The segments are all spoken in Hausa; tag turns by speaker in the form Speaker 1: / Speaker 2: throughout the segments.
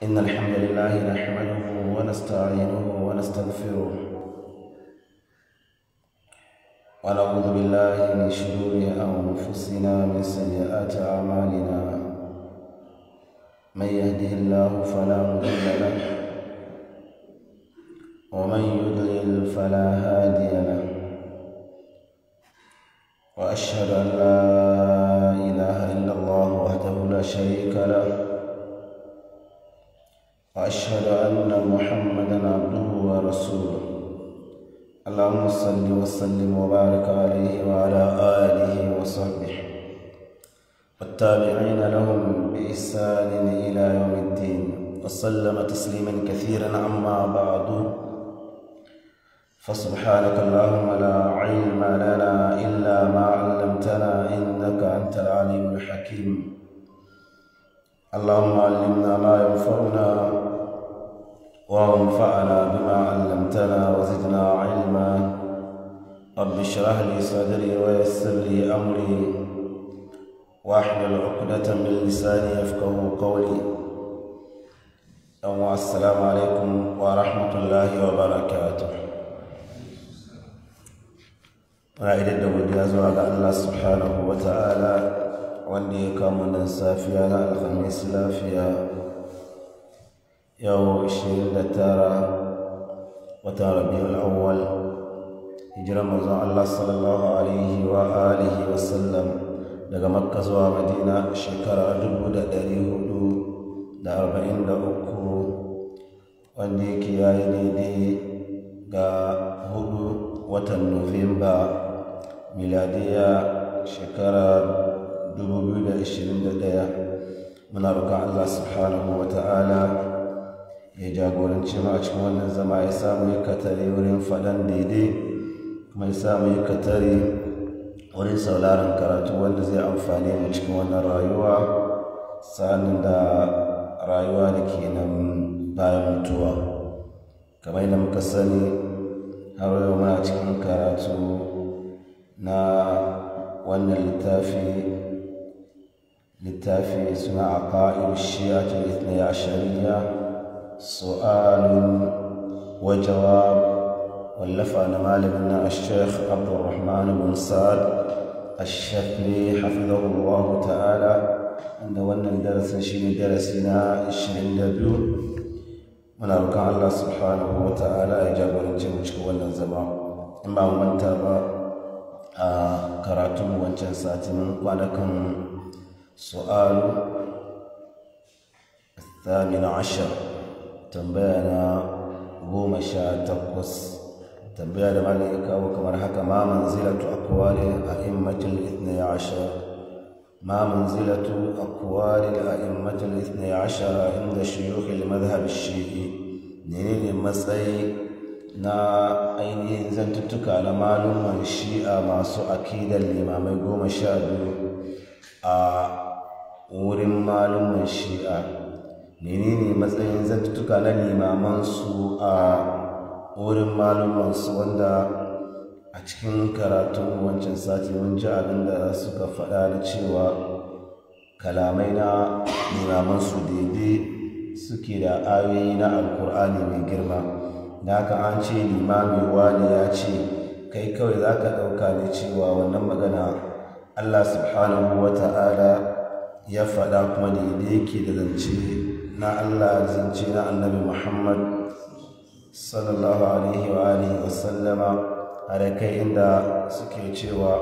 Speaker 1: إن الحمد لله نحمده ونستعينه ونستغفره ونعوذ بالله من شرور أنفسنا من سيئات أعمالنا من يهده الله فلا مضل له ومن يضلل فلا هادي له وأشهد أن لا إله إلا الله وحده لا شريك له وأشهد أن محمدا عبده ورسوله اللهم صل وسلم وبارك عليه وعلى آله وصحبه والتابعين لهم بإحسان إلى يوم الدين وسلم تسليما كثيرا أما بعد فسبحانك اللهم لا علم لنا إلا ما علمتنا إنك أنت العليم الحكيم اللهم علمنا ما ينفعنا وانفعنا بما علمتنا وزدنا علما رب اشرح لي صدري ويسر لي امري واحلل عقدة من لساني يفقه قولي السلام عليكم ورحمة الله وبركاته رأيت الدولة زوال الله سبحانه وتعالى wanda ya kama nan safiya na alhamis lafiya yau 29 watan rabiul awwal hijirar manzon Allah sallallahu alaihi wa alihi wa sallam daga makka zuwa madina shekara 443 wanda yake yayi daidai ga hudu watan nuwamba miladiya shekara 2021 muna rukan Allah subhanahu wa ta'ala ya jagoranci ma a cikin wannan zama ya samu yi katare wurin faɗan daidai kuma ya samu yi katare wurin sauraron karatu wanda zai amfani mu cikin wannan rayuwa sanin da rayuwa da ke nan bayan mutuwa kamar yadda muka sani har yau muna cikin karatu na wannan littafi للتافه اجتماع قائم الشيعه الاثني عشريه سؤال وجواب ولف انا مالكنا الشيخ عبد الرحمن بن سعد الشكري حفظه الله تعالى عند ون الدرس شين درسنا الشهيد بيون ونرك الله سبحانه وتعالى إجابة ونجم ونجم زمان اما من تابع آه كراتم ونجم ساتم وانا كم سؤال الثامن عشر تنبيهنا قوم شاء تقص تنبيه لمالك وكما حكى ما منزلة أقوال أئمة الاثني عشر ما منزلة أقوال الأئمة الاثني عشر عند شيوخ المذهب الشيعي نيني مسأي na ainihin zantuttuka na malumman shi'a masu akidar limamai goma sha biyu a wurin malumin shi'a menene matsayin zantuttuka na limaman su a wurin malumin su wanda a cikin karatun wancan sati mun ji abin da suka faɗa da cewa kalamai na limaman su daidai suke da ayoyi na alkur'ani mai girma da haka an ce limamin wani ya ce kai kawai za ka ɗauka ne cewa wannan magana allah subhanahu wa ta'ala ya faɗa kuma da yake da zance na Allah zance na annabi Muhammad sallallahu alaihi wa alihi wa sallama har kai inda suke cewa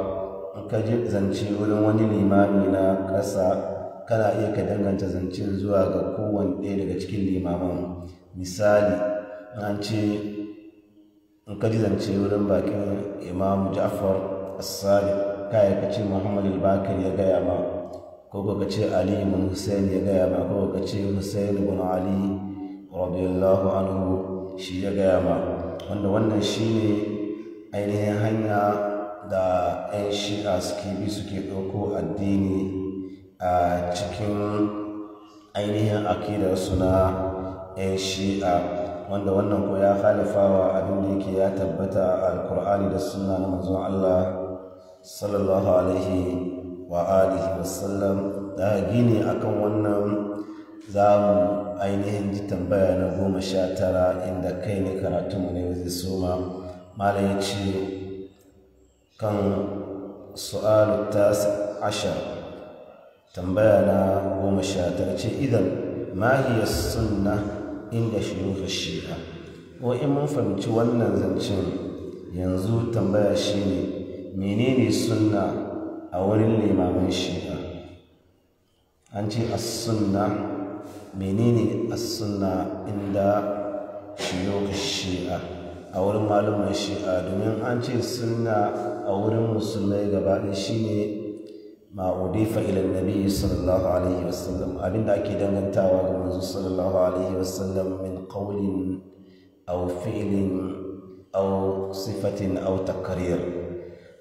Speaker 1: in ka ji zance wurin wani limami na ƙasa kana iya ka danganta zance zuwa ga kowane ɗaya daga cikin limaman misali an ce in ka ji zance wurin bakin imamu ja'far as-sadiq kai ka ce muhammad al-bakir ya gaya ma ko ka ce ali ibn hussein ya gaya ma ko ka ce hussein ibn ali radiyallahu anhu shi ya gaya ma wanda wannan shi ne ainihin hanya da 'yan shi'a suke bi suke ɗauko addini a cikin ainihin akidarsu na 'yan shi'a wanda wannan ko ya halifawa abin da yake ya tabbata al alkur'ani da suna na manzon allah sallallahu alaihi wa alihi wasallam da gini akan wannan za mu ainihin ji tambaya na goma sha tara inda kai ne karatunmu ne zai soma mala ya ce kan su'alu ta asha tambaya na goma sha tara ce idan ma hiya sunna inda shuyukh shi'a ko in mun fahimci wannan zancen yanzu tambaya shi ne? menene sunna a wurin limamin ba an ce as-sunna menene as-sunna inda shiyokar shi'a a wurin malumin shi'a domin an ce sunna a wurin musulmai gaba ɗaya shine ma udifa ila nabi sallallahu alaihi wasallam abinda ake dangantawa ga manzo sallallahu alaihi wasallam min qawlin aw fi'lin aw sifatin aw taqrir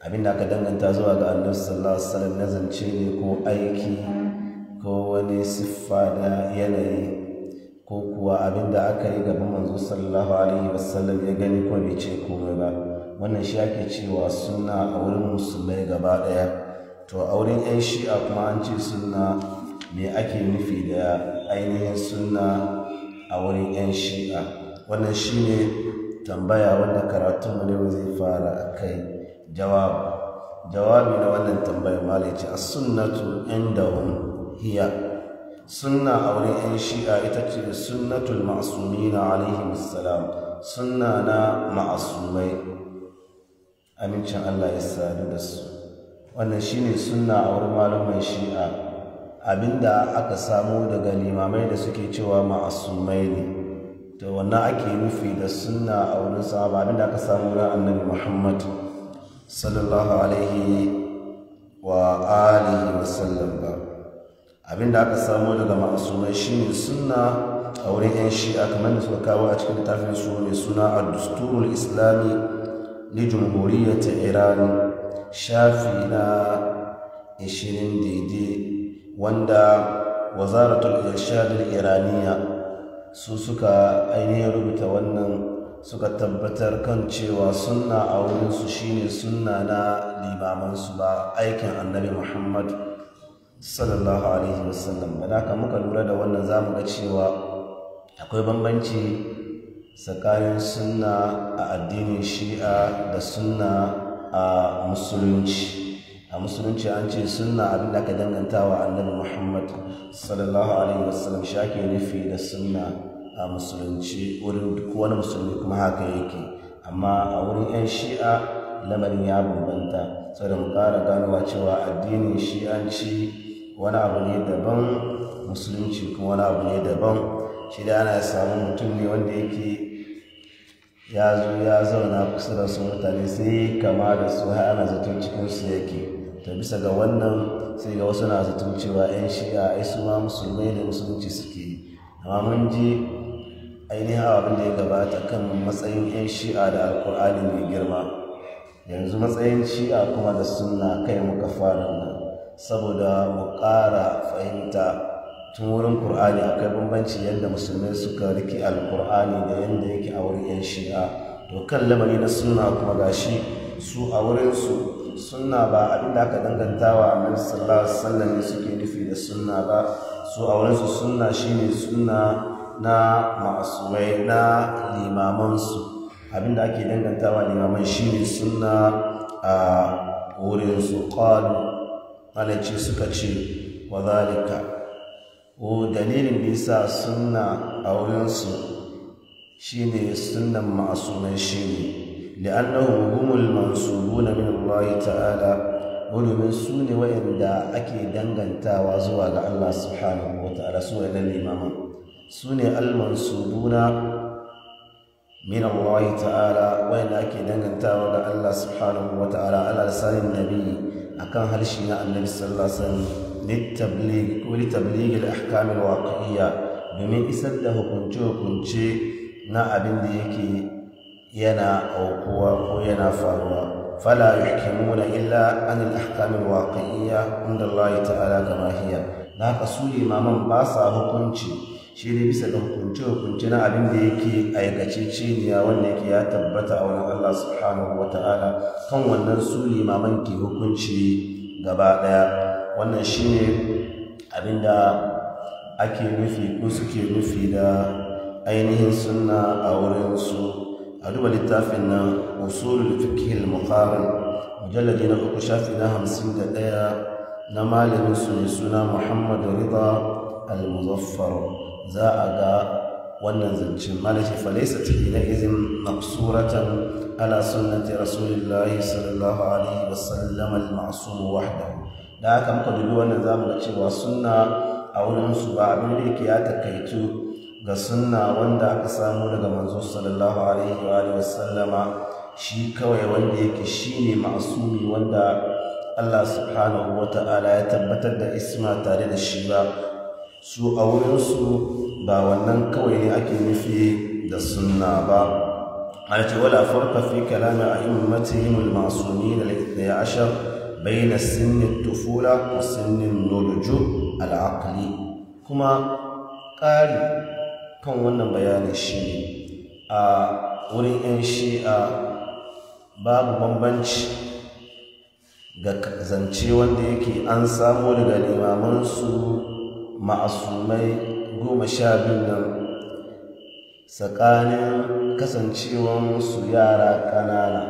Speaker 1: abin da aka danganta zuwa ga annabi sallallahu alaihi wasallam na zance ne ko aiki ko wani siffa da yanayi ko kuwa abin da aka yi gaban manzo sallallahu alaihi wasallam ya gani ko bai ce komai ba wannan shi ake cewa sunna a wurin musulmai gaba daya to a wurin yan shi'a kuma an ce suna me ake nufi da ainihin sunna a wurin yan shi'a wannan shine tambaya wanda mu ne zai fara kai Jawabu. jawabi na wannan tambayar malai ce 'Yan da wani hiya suna a wurin yan shi'a ita ce sunnatul ma'sumina alaihim salam sunna na ma'asumai amincin Allah ya sadu da su wannan shine suna a wurin malaman shi'a abinda aka samu daga limamai da suke cewa ma'asumai ne to wannan ake nufi da suna a wurin sahaba da aka samu ran annabi Muhammadu? sallallahu alaihi wa alihi ba abinda aka samu daga shi ne suna a wurin 'yan shi a kamar da suka kawo a cikin littafin su ne suna a dusturul islami ni jamhuriya ta iran shafi na 20 daidai wanda wazaratul irshadul iraniya su suka ainihin rubuta wannan suka tabbatar kan cewa sunna a wurinsu shine sunna na limamansu ba aikin annabi muhammad sallallahu alaihi wasallam ba da muka lura da wannan zamu ga cewa akwai bambanci tsakanin sunna a addinin shi'a da sunna a musulunci a musulunci an ce sunna abin da ka dangantawa annabi muhammad sallallahu alaihi wasallam shi ake nufi da sunna a musulunci wurin duk wani musulmi kuma haka yake amma a wurin 'yan shi'a lamarin ya bambanta saboda mu ƙara ganowa cewa addinin shi'anci wani abu ne daban musulunci kuma wani abu ne daban shi da ana samu mutum ne wanda yake ya zo ya zauna kusa da su mutane sai kama da su har ana zaton cikinsu yake ta bisa ga wannan sai ga wasu na zaton cewa 'yan shi'a isu ma musulmai da musulunci suke amma mun ji ainihin abin da ya gabata kan matsayin 'yan shi'a da alkur'ani mai girma yanzu matsayin shi'a kuma da sunna kai muka fara nan saboda mu ƙara fahimta tun wurin kur'ani akwai bambanci yadda musulmai suka rike alkur'ani da yadda yake a wurin 'yan shi'a to kan lamari na suna kuma gashi su a wurinsu sunna ba abin da aka danganta wa annabi sallallahu alaihi suke nufi da sunna ba su a wurinsu sunna shine sunna na ma'asumai na limamansu abinda ake dangantawa limaman shi ne suna a wurin su ƙwano malaci suka ce wa zalika o dalilin bisa suna a wurinsu shi ne sunan ma'asumai shi ne لأنهم هم المنصوبون من الله تعالى ولمن سوني وإن دا أكي دنغن تاوازوا على الله سبحانه وتعالى سوى إلى الإمامات su ne almansubuna min Allah ta'ala wanda ake dangantawa ga Allah subhanahu wa ta'ala ala lisanin nabi akan harshe na annabi sallallahu alaihi wasallam litabligh wa litabligh al-ahkam al-waqi'iyya domin isar da hukunce hukunce na abin da yake yana aukuwa ko yana faruwa fala yuhkimuna illa an al-ahkam al-waqi'iyya inda Allah ta'ala kama hiya da haka su limaman ba sa hukunci shi ne bisa ga hukunce-hukunce na abin da yake aikace ciniya wanda yake ya tabbata a wurin Allah subhanahu wa ta'ala kan wannan su limaman ke hukunci gaba ɗaya wannan shi ne abin da ake nufi ko suke nufi da ainihin sunna a wurin su a duba littafin na usulul fiqh al mujalladi na uku shafi na hamsin da ɗaya na malamin su ne suna muhammad rida al-muzaffar za a ga wannan zancen malashi falaisa ta na izin maksuratan ala sunnati rasulillahi sallallahu alaihi wasallam al-ma'sum wahda da haka muka dubi wannan zamu ga cewa sunna a wurin su ba abin da yake ya takaitu ga sunna wanda aka samu daga manzo sallallahu alaihi wa alihi wasallama shi kawai wanda yake shine ma'sumi wanda Allah subhanahu wa ta'ala ya tabbatar da isma tare da shi ba su a wurinsu ba wannan kawai ne ake nufi da sunna ba an wala farka fi kalami a immatihim al-ma'sumin al ya ashar na sinnin tufula ko sinnin nuluju al kuma ƙari kan wannan bayanin shi a wurin 'yan shi'a babu bambanci ga zance wanda yake an samu daga limamansu ma'asumai goma sha biyu nan tsakanin su yara ƙanana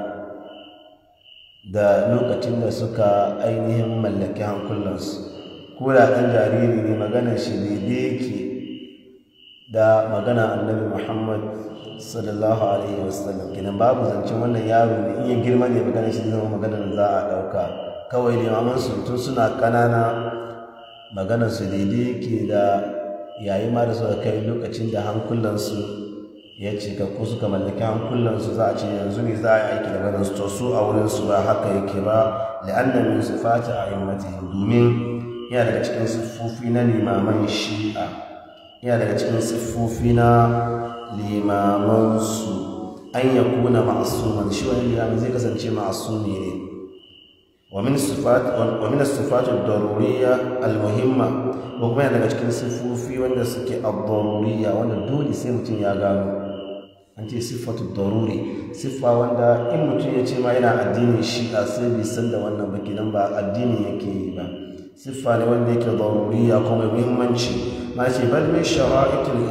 Speaker 1: da lokacin da suka ainihin mallaki hankulansu ko da ɗan jariri ne magana shi ne da yake da magana annabi muhammad sallallahu alaihi wasallam kenan babu zancen wannan yaro ne iya girma ne magana shi zama maganar za a ɗauka kawai ne maman tun suna ƙanana maganar su daidai yake da yayi ma da suka kai lokacin da hankulansu ya cika ko suka mallaki hankulansu za a ce yanzu ne za a yi aiki da maganar to su a wurin su ba haka yake ba la'anna min sifati a'immatihim domin yana daga cikin siffofi na limaman shi'a yana daga cikin siffofi na limamansu an yakuna ma'asuman shi wani limamin zai kasance ma'asumi ne ومن الصفات ومن الصفات الضرورية المهمة وكما يعني daga cikin sifofi wanda suke ad-daruriyya wanda dole sai mutum ya gano an ce sifatu daruri siffa wanda in mutum ya ce ma yana addinin shi'a sai bai san da wannan ba kenan ba addini yake yi ba siffa ne wanda yake daruriya kuma muhimmanci ma ce bal min shara'itul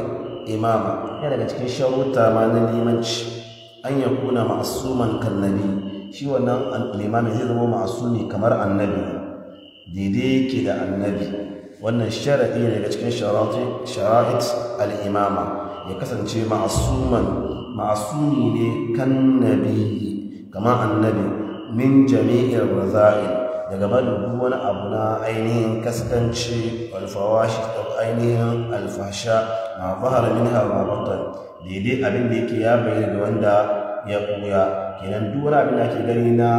Speaker 1: imama yana daga cikin sharuta ma na nimanci. an yakuna ma'suman kallabi shi wannan limamin zai zama ma'asumi kamar annabi daidai ke da annabi wannan sharaɗi ne daga cikin shara'it al'imama ya kasance ma'asuman ne kan nabi kamar annabi min jami'in raza'il daga madubu wani abu na ainihin kaskanci alfawashi da ainihin alfasha ma fahara min haramatan daidai abin da yake ya bayyana da wanda ya ɓuya kenan duk wani abin da ake gani na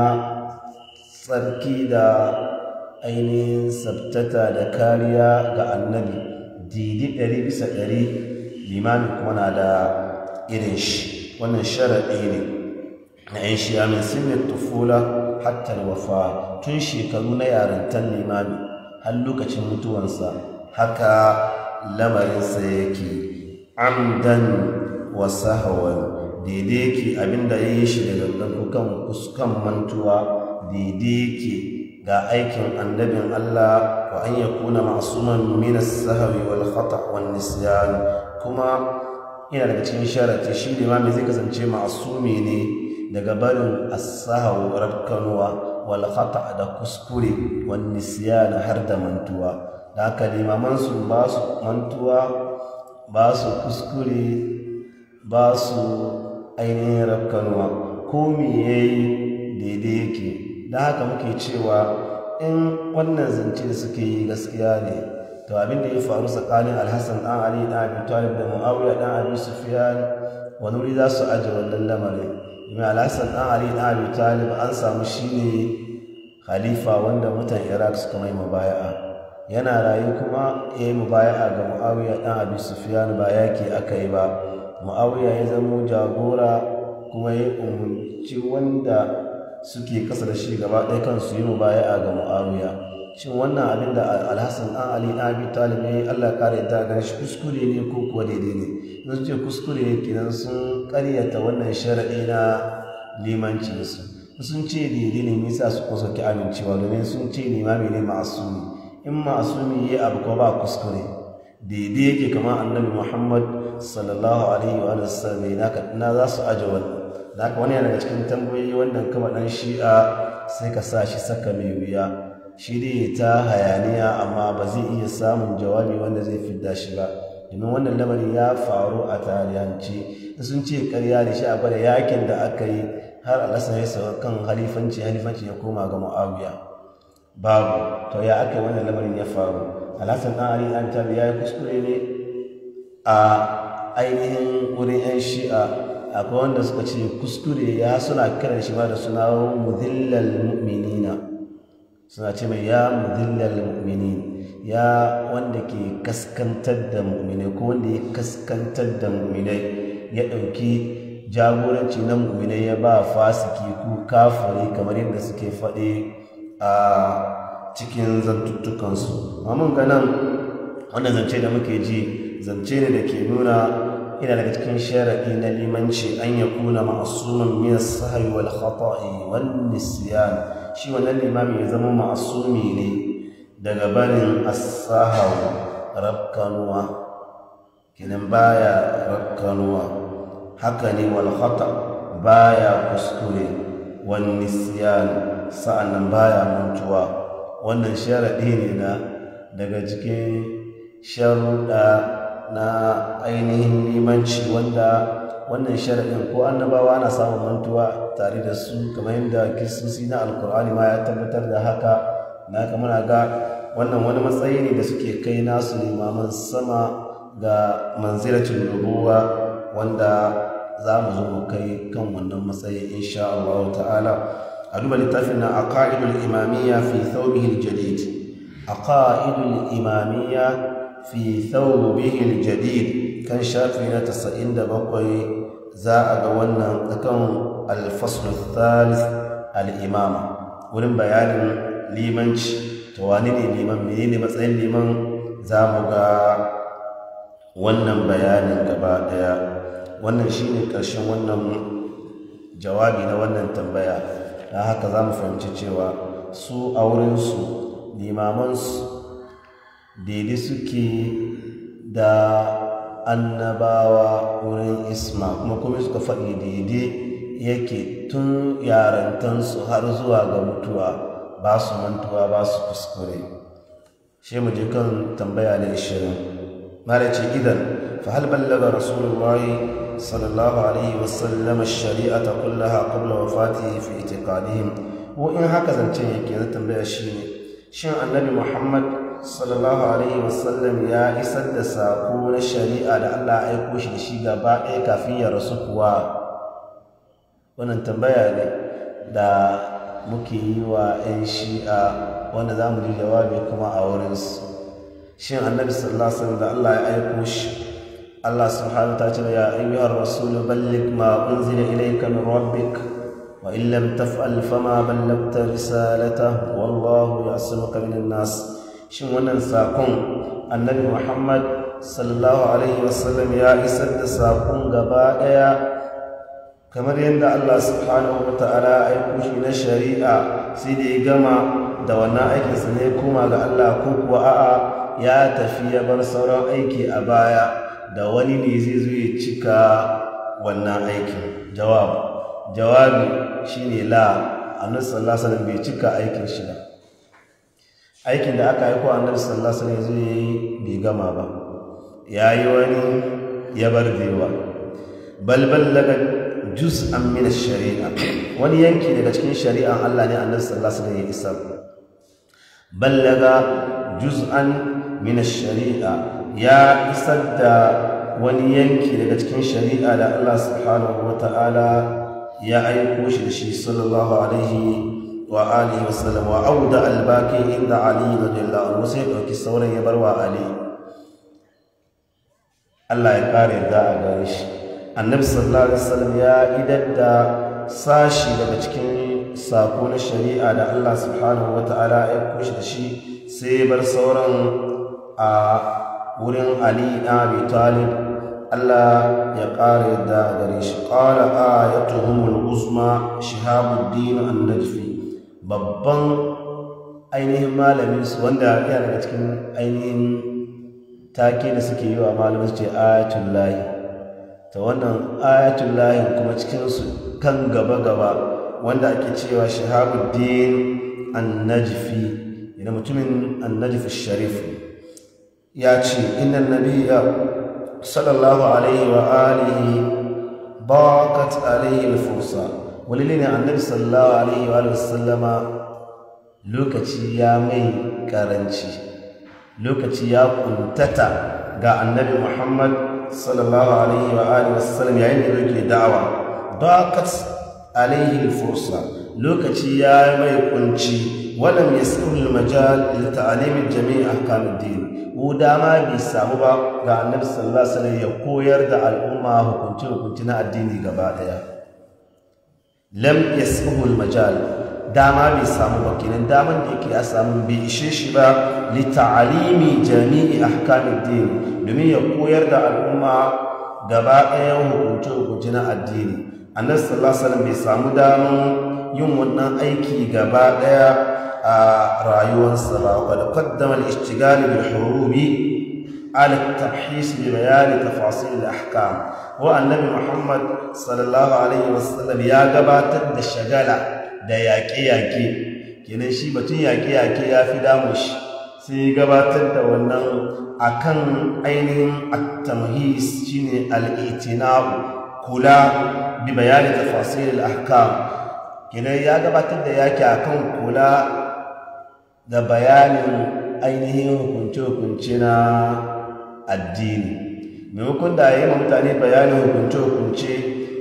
Speaker 1: tsarki da ainihin sabtata da kariya ga annabi didi ɗari bisa ɗari limamin kuma na da irin shi wannan sharaɗi ne na yan shiya min sinin tufula hattar wafa tun shekaru na tan limami har lokacin mutuwansa haka lamarinsa yake amdan wasu hawan daidai ke abinda ya yi shi daga gangan kan kuskan mantuwa daidai ke ga aikin annabin Allah wa an kuna ma'suman min as wal khata' wan nisyan kuma ina daga cikin sharati shi ne mai zai kasance ma'sumi ne daga barin a sahwu rabkanwa wal khata' da kuskure wan nisyan har da mantuwa da haka limaman su ba su mantuwa ba su kuskure ba su ainihin rafkanuwa ko me ya yi daidai yake da haka muke cewa in wannan zance da suke yi gaskiya ne to abin da ya faru tsakanin alhassan ɗan ali dan abi talib da muawiya ɗan abi sufiyan wani wuri za su aje wannan lamarin domin alhassan ɗan ali dan abi talib an samu shi ne khalifa wanda mutan iraq suka mai mubaya'a yana rayu kuma ya yi mubaya'a ga muawiya ɗan abi sufiyan ba yake aka yi ba muawiya ya zamo jagora kuma ya umarci wanda suke kasa da shi gaba ɗaya kansu yi a ga muawiya shin wannan abin da alhassan an ali na abi talib ya yi allah kare ta gan shi kuskure ne ko kuwa daidai ne sun ce kuskure ne kenan sun karyata wannan sharaɗi na limancinsu sun ce daidai ne nisa su kusa ki amincewa domin sun ce limami ne ma'asumi in ma'asumi ya abu ko ba kuskure daidai yake kamar annabi muhammad sallallahu alaihi wa sallam na za su aje wannan da wani yana cikin tambayoyi wannan kama ɗan shi'a sai ka sa shi saka mai wuya shi dai ta hayaniya amma ba zai iya samun jawabi wanda zai fidda shi ba domin wannan lamari ya faru a tarihance sun ce karya da shi a bada yakin da aka yi har alasan ya sauka kan halifanci halifanci ya koma ga mu'awiya babu to ya aka yi wannan lamarin ya faru alasan ɗan ali an tabi ya yi kuskure ne a ainihin wurin 'yan shi'a akwai wanda suka ce kuskure ya suna kiran shi ma da suna mudillal mu'minina suna ce mai ya mudillal mu'minin ya wanda ke kaskantar da mu'minai ko wanda ya kaskantar da mu'minai ya ɗauki jagoranci na mu'minai ya ba fasiki ko kafari kamar yadda suke faɗi a cikin zantuttukansu amma ga nan wannan zance da muke ji zance ne da ke nuna ina daga cikin sharaɗi na limanci an ya kuna ma'asumin min sahabi wal khata'i wal nisyan shi wannan limami ya zama ma'asumi ne daga barin as-sahawi rabkanuwa kenan baya rabkanuwa haka ne wal khata baya kuskure wal nisyan sa'annan baya mutuwa. wannan sharaɗi ne na daga cikin sharuɗa na ainihin limanci wanda wannan sharaɗin ko annabawa ana samun mantuwa tare da su kamar yadda kiristoci na alkur'ani ma ya tabbatar da haka na kamar ga wannan wani matsayi ne da suke kai nasu limaman sama ga manzilacin rubuwa wanda za mu zo mu kai kan wannan matsayi insha Allah ta'ala a duba littafin na aqaidul imamiyya fi thawbihi aljadid aqaidul imamiyya fi thawbihi aljadid kan shafi na 97 za a ga wannan akan al-fasl thalith al-imama wurin bayanin limanci to wani ne liman menene matsayin liman za mu ga wannan bayanin gaba daya wannan shine karshen wannan jawabi na wannan tambaya don haka za mu fahimci cewa su a wurin su limamansu daidai suke da annabawa wurin isma kuma kuma suka faɗi daidai yake tun yarantansu har zuwa ga mutuwa ba su mantuwa ba su kuskure shi mu je kan tambaya na ishirin mara ce idan fa hal ballaga rasulullahi sallallahu alaihi wasallam shari'ata kullaha qabla wafatihi fi itiqadihim ko in haka zance yake zan tambaya shi ne shin annabi muhammad sallallahu alaihi wasallam ya isar da sako na shari'a da Allah aiko shi da shi gaba ɗaya kafin ya rasu kuwa wannan tambaya ne da muke yi wa 'yan shi'a wanda za mu ji jawabi kuma a wurinsu shin annabi sallallahu alaihi wasallam da Allah ya aiko shi Allah subhanahu ta ce ya ayyuhar rasul balligh ma unzila ilayka min rabbik وإن لم تفعل فما بلغت رسالته والله يعصمك من الناس shin wannan sakon annabi muhammad sallallahu alaihi wasallam ya isar da saƙon gaba ɗaya kamar yadda allah subhanahu wa ta'ala aiko shi na shari'a sai da ya gama da wannan aikinsa ne kuma ga allah ko kuwa a'a ya tafi ya bar sauran aiki a baya da wani ne zai zo ya cika wannan aikin jawabi shine la annabi sallallahu alaihi bai cika aikin shi ba aikin da aka aiko annabi sallallahu Sallasa ne zai yi bai gama ba Ya yi wani ya bar dewa balbal daga jus an mina sharia wani yanki daga cikin shari'a Allah ne a sallallahu Sallasa wasallam ya isar ballaga jus an mina sharia ya isar da wani yanki daga cikin shari'a da Allah subhanahu wata'ala ya aiko shi da shi sallallahu alaihi wa alihi wasallam wa auda albaki inda ali radiyallahu anhu sai dauki sauran ya barwa ali Allah ya kare da a gare shi annabi sallallahu alaihi wasallam ya idadda sashi daga cikin sako na shari'a da Allah subhanahu wata'ala ya kushi da shi sai ya bar sauran a wurin ali na abi talib Allah ya ƙara yadda gare shi ƙara ayatuhumul uzma shihabuddin an-najfi babban ainihin malamin su wanda yana daga cikin ainihin take da suke yi wa malamin su ce ayatul lahi ta wannan ayatul lahi kuma cikin su kan gaba gaba wanda ake cewa shahabuddin annajfi ina mutumin annajfi sharif ya ce inna nabiyya sallallahu alaihi wa alihi baqat alaihi al-fursa wani ne annabi sallallahu alaihi wa sallama lokaci ya mai karanci lokaci ya kuntata ga annabi muhammad sallallahu alaihi wa alihi wasallam yayin da yake da'awa daqat alaihi fursa lokaci ya mai kunci walam yasirul majal li ta'lim jami' ahkam ad-din da ma bai samu ba ga annabi sallallahu alaihi wa sallam ya koyar da al'umma hukunci hukunci na addini gaba daya lam yasuhul majal dama bai samu ba kenan daman da yake ya samu bai ishe shi ba li ta'alimi jami'i ahkamid din domin ya koyar da al'umma gaba ɗayan hukunci hukunce na addini annabi sallallahu alaihi wasallam bai samu daman yin wannan aiki gaba ɗaya a rayuwarsa ba wa qaddama al-ishtigal bil على التمحيص ببيان تفاصيل الأحكام هو النبي محمد صلى الله عليه وسلم يا قبات الشغالة da yaƙe-yaƙe kenan shi batun yaƙe-yaƙe ya fi damu shi sai gabatar da wannan akan ainihin at-tamhis shine al-itina'u kula bi bayani tafasil al-ahkam kenan ya gabatar da yaƙi akan kula da bayanin ainihin hukunce-hukunce na addini maimakon da yi mutane bayanin hukunce-hukunce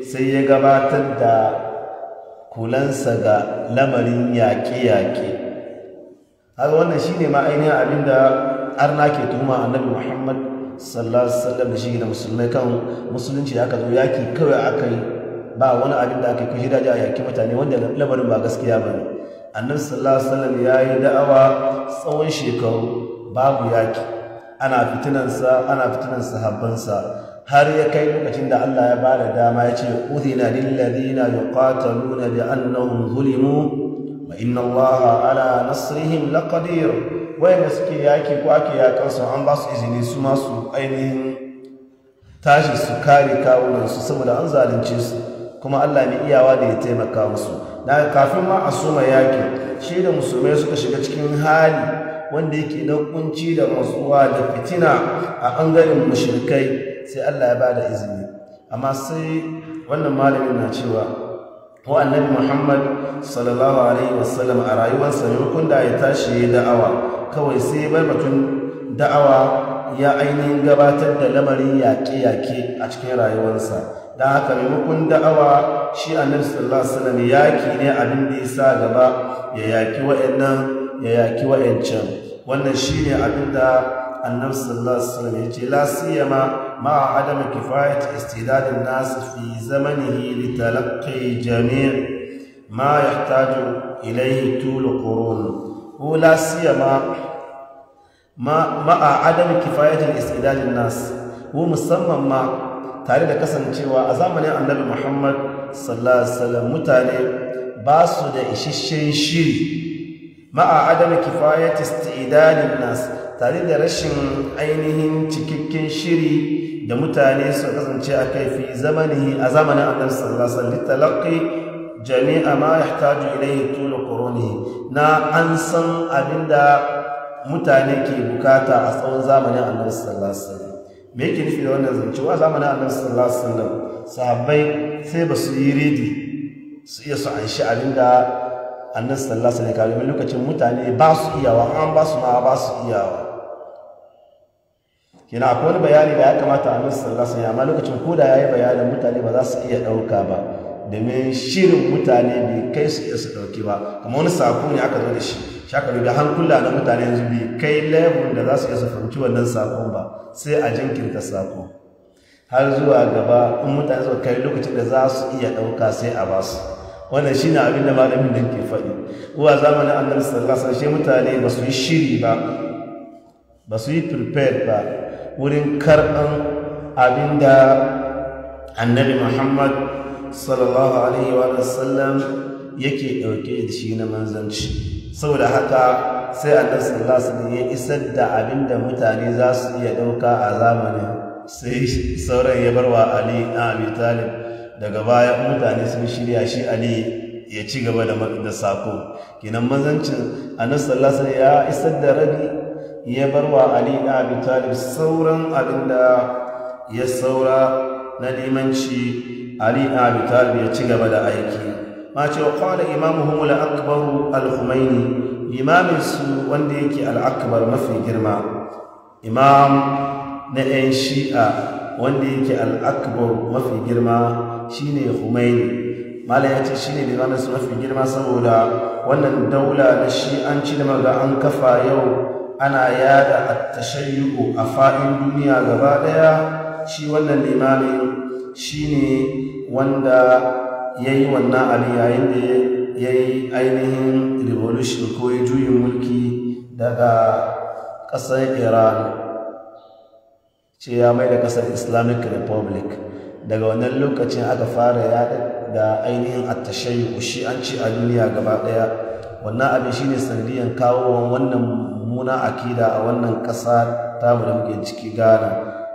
Speaker 1: sai ya gabatar da kulansa ga lamarin yaƙe-yaƙe har wannan shi ne ma'ainihin abin da arna ke tuhuma annabi muhammad sallallahu alaihi da shi gina musulmai kan musulunci da aka zo yaƙi kawai aka yi ba wani abin da aka yi kushi daji a yaƙi mutane wanda lamarin ba gaskiya ba ne annabi sallallahu alaihi ya yi da'awa tsawon shekaru babu yaƙi ana fitinansa ana fitinan sahabbansa har ya kai lokacin da Allah ya ba da dama ya ce udhina lil nuna yuqataluna bi annahum zulimu wa inna Allah ala nasrihim laqadir wayanda suke yaki ko ake yakan su an ba su izini su ma su ainihin tashi su kare kawunan su saboda an zalunce su kuma Allah ne iyawa da ya taimaka musu daga kafin ma a soma yaki shi da musulmai suka shiga cikin hali wanda yake na kunci da matsuwa da fitina a ɓangaren mashirkai sai Allah ya ba da izini amma sai wannan malamin na cewa ko annabi Muhammad sallallahu alaihi wasallam a rayuwarsa yankun da ya tashi ya da'awa kawai sai bar batun da'awa ya ainihin gabatar da lamarin yaƙe-yaƙe a cikin rayuwarsa Da haka maimakon da'awa shi annabi sallallahu alaihi wasallam yaƙi ne abin da ya sa gaba ya yaƙi waɗannan ya yaki wa'ancan wannan shine abin da annabi sallallahu alaihi wasallam ya ce la siyama ma a adama kifayat istidadin nas fi zamanihi li talaqqi jami' ma yahtaju ilayhi tul qurun ko la siyama ma a adama kifayat istidadin nas ko musamman ma tare da kasancewa a zamanin annabi Muhammad sallallahu mutane ba su da isasshen shiri ma'a adam kifayat istidalin nas tare da rashin ainihin cikakken shiri da mutane su kasance a kaifi fi zamanihi a zamanin annabi sallallahu alaihi wasallam jami'a ma yahtaju ilayhi tulu quruni na an san abinda mutane ke bukata a tsawon zamanin annabi sallallahu alaihi wasallam me yake nufi da wannan zance wa zamanin annabi sallallahu alaihi wasallam sahabbai sai ba su yi ridi su iya su anshi abinda annabi sallallahu alaihi wasallam lokacin mutane ba su iyawa an ba su ma ba su iyawa kina akwai wani bayani da ya kamata annas sallallahu alaihi wasallam amma lokacin ko da koda yayi bayanin mutane ba za su iya dauka ba domin shirin mutane bai kai su iya su ba kamar wani sako ne aka zo da shi shaka da hankula na mutane yanzu bai kai level da za su iya su fahimci wannan sakon ba sai a jinkirta sako har zuwa gaba in mutane suka kai lokacin da za su iya ɗauka sai a ba su. wannan shi ne abin da malamin da ke faɗi uwa zamanin annabi sallallahu alaihi mutane ba su yi shiri ba ba su yi prepared ba wurin karɓan abinda annabi muhammad sallallahu alaihi wa sallam yake ɗauke da shi na manzanci saboda haka sai annabi sallallahu ne ya isar da abinda mutane za su iya ɗauka a zamanin sai sauran ya wa ali na abi talib daga baya mutane sun shirya shi ali ya ci gaba da sako kinan mazancin Anas sallallahu ya isar da rabi ya barwa ali da abi talib sauran abinda ya saura na limanci ali da abi ya ci gaba da aiki ma ce wa qala imamuhum al akbar al khumaini imamin su wanda yake al akbar mafi girma imam na yan shi'a wanda yake al akbar mafi girma Shi shine Khomeini malam ya ce shi ne limamin su mafi girma saboda wannan daula da shi an ci da maga an kafa yau ana yada yi ko a fa'in duniya gaba daya shi wannan limamin ne wanda ya yi wannan Ali yayin da yi ainihin revolution ko ya juyin mulki daga ƙasar Iran ce ya mai da ƙasar Islamic Republic daga wannan lokacin aka fara yaɗa da ainihin attashayi shi an ci a duniya gaba daya wannan abin shine sanadiyan kawo wannan muna akida a wannan kasa ta mu da muke ciki Ghana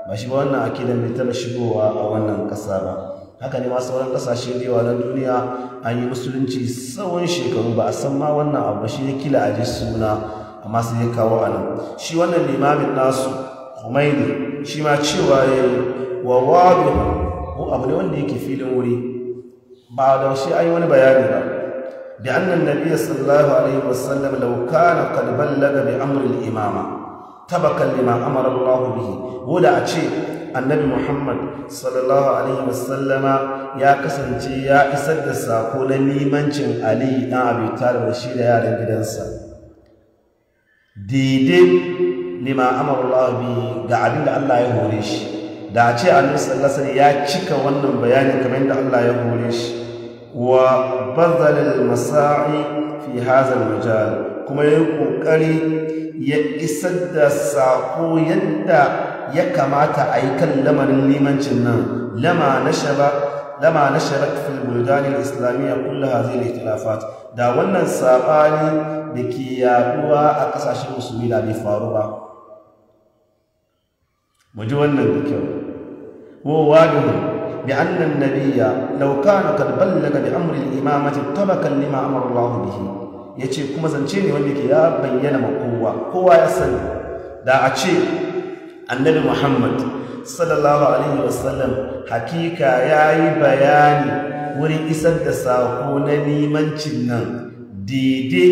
Speaker 1: ba shi ba wannan akidan mai tana shigowa a wannan kasa ba haka ne ma sauran ƙasashe da yawa na duniya an yi musulunci tsawon shekaru ba a san ma wannan abu shi ya kila aji suna amma sai ya kawo a nan shi wannan limamin nasu Humaini shi ma cewa ya yi wa wadu ko abu ne wanda yake filin wuri ba da shi ai wani bayani ba bi annan nabiy sallallahu alaihi wasallam law kana qad ballaga bi amri al-imama tabakan lima amara Allah bihi a ce annabi Muhammad sallallahu alaihi wasallama ya kasance ya isar da sako na limancin Ali dan Abi Talib shi da yaran gidansa daidai lima amara Allah bihi ga abin da Allah ya hore shi da a ce annabi sallallahu alaihi ya cika wannan bayani kamar yadda Allah ya hore shi wa bazalil masa'i fi hadha al kuma yayi kokari ya isar da sako yadda ya kamata a yi kan lamarin limancin nan lama na shaba لما islamiyya في البلدان da كل هذه الاختلافات دا wannan sabani dake yaduwa a kasashen musulmi da bai faru ba mu ji wannan da kyau ووالده بأن النبي لو كان قد بلغ بأمر الإمامة طبقا لما أمر الله به yace kuma zance ne wanda ke ya bayyana ma kowa kowa ya sani da a ce annabi Muhammad sallallahu alaihi wasallam hakika yayi bayani wurin isar da sako na limancin nan dede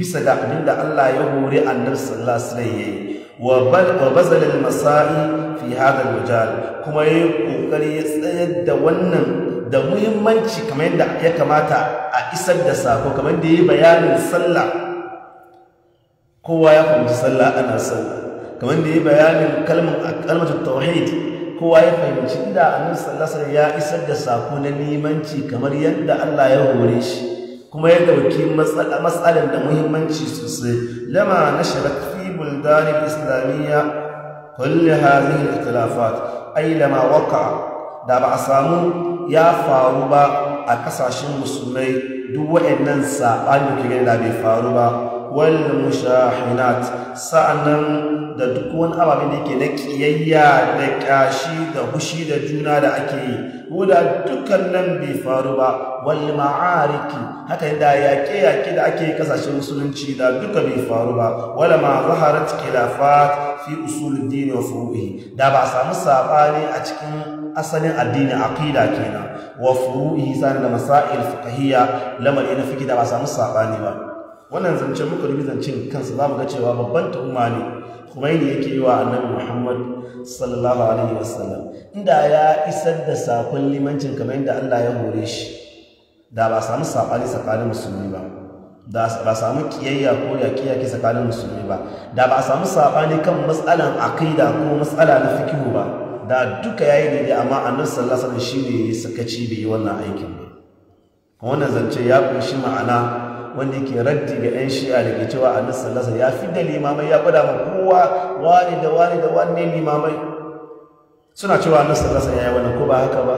Speaker 1: bisa ga abinda Allah ya hori annabi sallallahu alaihi wasallam وبذل المسائي في هذا المجال كما يقوكري يتسيد wannan da muhimmanci kamar yadda ya kamata a isar da sako kamar da yi bayanin sallah kowa ya fahimci sallah ana sallah kamar da yi bayanin kalmar tauhid kowa ya fahimci inda annabi sallallahu ya isar da sako na limanci kamar yadda Allah ya hore shi kuma ya dauki matsalar da muhimmanci sosai lama na sharat البلدان الإسلامية كل هذه الاختلافات أينما وقع da ba a samu ya faru ba a ƙasashen musulmai duk waɗannan saɓani da bai faru ba walmushahinat sa'annan da duk wani ababe da ke na kiyayya da kashi da hushi da juna da ake yi wanda dukkan nan bai faru ba walma'ariki haka da yaƙe yaƙe da ake yi kasashen musulunci da duka bai faru ba wala ma zaharat khilafat fi usul dini wa furu'i da ba samu saɓani a cikin asalin addini aqida kenan wa furu'i zan da masail fiqhiyya lamari na fiqi da ba samu saɓani ba wannan zance muka rubi zancen kansa za mu ga cewa babban tuhuma ne ne yake yi wa annabi Muhammad sallallahu alaihi wasallam inda ya isar da sakon limancin kamar yadda Allah ya hore shi da ba samu sabani tsakanin musulmi ba da ba samu kiyayya ko yaƙi yaƙi tsakanin musulmi ba da ba samu sabani kan matsalan aqida ko matsala na fikihu ba da duka yayi ne amma annabi sallallahu alaihi wasallam shine sakaci bai yi wannan aikin ba wannan zance ya kunshi ma'ana wanda yake raddi ga 'yan shi'a da ke cewa annabi sallallahu ya fi da limamai ya gwada ma kowa wani da wani da wani limamai suna cewa annabi lasa ya yi wani ko ba haka ba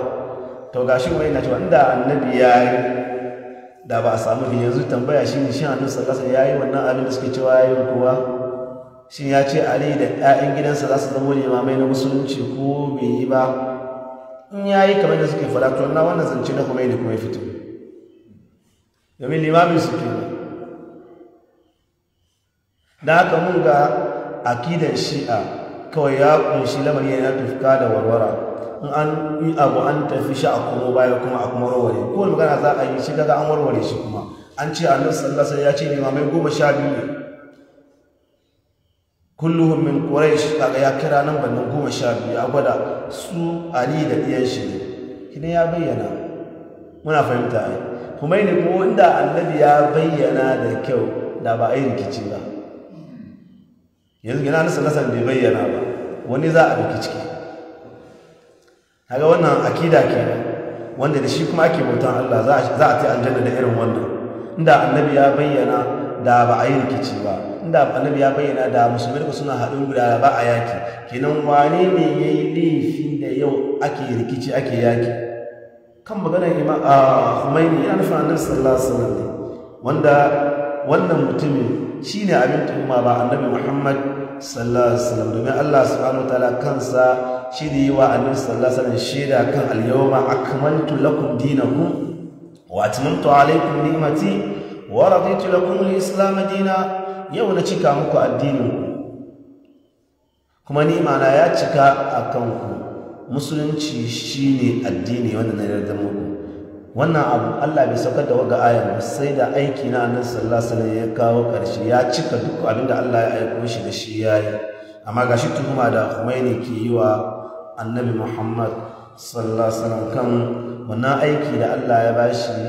Speaker 1: to ga shi wani na cewa inda annabi ya yi da ba a samu da yanzu tambaya shi ne shin annabi lasa ya yi wannan abin da suke cewa ya yi kuwa shin ya ce ali da 'ya'yan gidansa za su zama limamai na musulunci ko bai yi ba
Speaker 2: in ya yi kamar
Speaker 1: da suke fara to na wannan zance na kuma yi da kuma ya fito domin limamin su ke da haka mun ga akidan shi'a kawai ya kunshi lamari yana tufka da warwara in an yi abu an tafi shi a kuma baya kuma a kuma warware kowane magana za a yi shi daga an warware shi kuma an ce a nan sallasa ya ce limamai goma sha biyu ne kullum min shi kaga ya kira nan bannan goma sha biyu a gwada su ali da iyan shi ne kidan ya bayyana muna fahimta ai kuma yi kuma inda annabi ya bayyana da kyau da ba a yi rikici ba yanzu gina nasa nasan bai bayyana ba wani za a rikici kaga wannan akida ke wanda da shi kuma ake bautan Allah za a ta aljanna da irin wannan inda annabi ya bayyana da ba a yi rikici ba inda annabi ya bayyana da musulmi da suna haɗin guda ba a yaki kenan wane ne ya yi laifi da yau ake rikici ake yaki kan maganar imam a Khomeini yana nufin annabi sallallahu alaihi wasallam ne wanda wannan mutumin shine abin tumma ba annabi Muhammad sallallahu alaihi wasallam domin Allah subhanahu ta'ala kansa shi ne wa annabi sallallahu alaihi wasallam shaida kan alyawma akmaltu lakum dinakum wa atmamtu alaykum ni'mati wa raditu lakum al-islam dina yau na cika muku addinin kuma ni ma na ya cika akan ku musulunci shine addini wanda na yarda muku wannan abu Allah bai saukar da waga ba. sai da aiki na annabi sallallahu alaihi wasallam ya kawo karshe ya cika duk abin da Allah ya aiko shi da shi yayi amma gashi tuhuma da Khomeini ke yi wa annabi Muhammad sallallahu kan wannan aiki da Allah ya bashi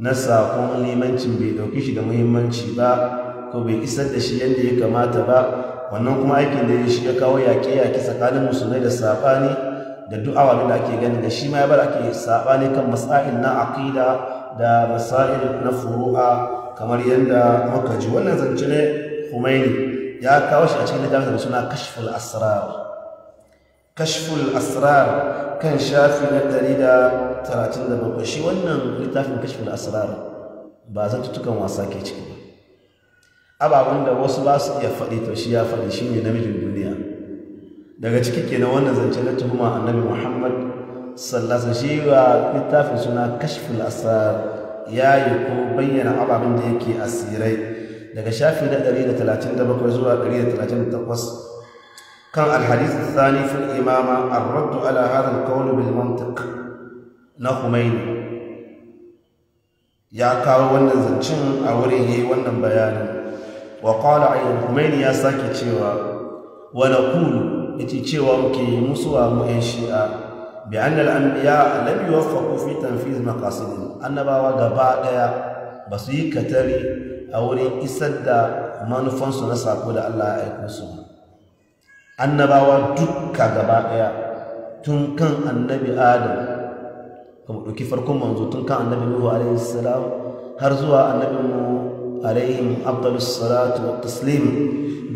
Speaker 1: na sakon limancin bai dauki shi da muhimmanci ba ko bai isar da shi yadda ya kamata ba wannan kuma aikin da ya shi ya kawo yaƙe-yaƙe tsakanin musulmai da saɓani da duk ababen da ake ganin da shi ma ya bar ake saɓani kan masail na aqida da masail na furu'a kamar yadda muka ji wannan zance ne Khomeini ya kawo shi a cikin littafin da suna kashful asrar kashful asrar kan shafi na 137 shi wannan littafin kashful asrar ba zantuttukan wasa ke ciki ba ababen da wasu ba su iya faɗi to shi ya faɗi shi ne namijin duniya daga ciki kenan wannan zance na tuhuma annabi muhammad sallasa shi wa littafin suna kashful asar ya yi ko bayyana ababen da yake asirai daga shafi na 137 zuwa 138 كان الحديث الثاني في الإمامة الرد على هذا القول na نخمين Ya kawo wannan zancen a wurin yi wannan bayanin wa qala ayyul khumaini ya saki cewa wa naqulu yace cewa muke yi musu wa mu yan shi'a bi anna al-anbiya lam yuwaffaqu fi tanfiz maqasidin annabawa gaba daya ba su yi katari a wurin isar da manufansu na sako da Allah ya aiko su annabawa dukka gaba daya tun kan annabi adam kuma ɗauki farkon manzo tun kan annabi nuhu alaihi salam har zuwa annabi mu alaihim afdalus salatu wa taslim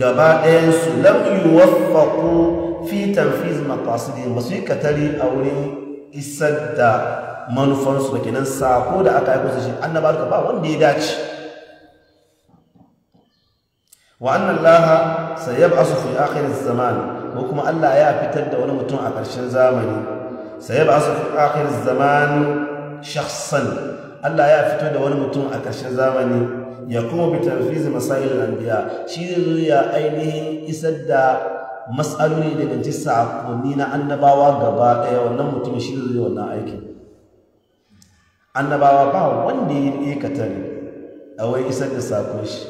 Speaker 1: gaba ɗayan su lam yuwaffaqu fi tanfiz maqasidihim basu yi katari a wurin isar da manufansu da kenan sako da aka aiko su shi annaba duka ba wanda ya dace wa annan laha sayab'asu fi akhir zaman ko kuma Allah ya fitar da wani mutum a ƙarshen zamani sayab'asu fi akhir zaman shakhsan Allah ya fitar da wani mutum a ƙarshen zamani ya kuma bi tarfizi masailul anbiya shi zai ya ainihin isar da matsaloli daga ji sakonni na annabawa gaba ɗaya wannan mutum shi zai wannan aikin annabawa ba wanda ya yi katar a wai isar da sakon shi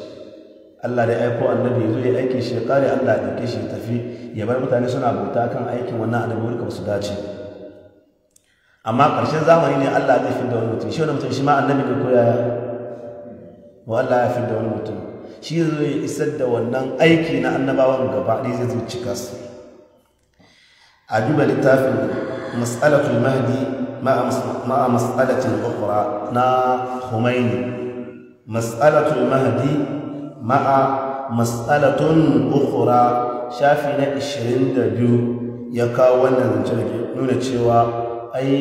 Speaker 1: Allah da aiko annabi ya zo ya aiki shi kare Allah da kishi shi tafi ya bar mutane suna bauta kan aikin wannan annabi ba su dace amma ƙarshen zamani ne Allah zai fi da wani mutum shi wani mutum shi ma annabi ne koyaya wa Allah ya da wani mutum shi zai isar da wannan aiki na annabawan gaba ɗaya zai zai cika su a duba littafin matsalatul mahdi ma'a mas'alatin ƙwaƙwara na Khomeini matsalatul mahdi ma'a matsalatul ƙwaƙwara shafi na 22 ya kawo wannan zancen nuna cewa ai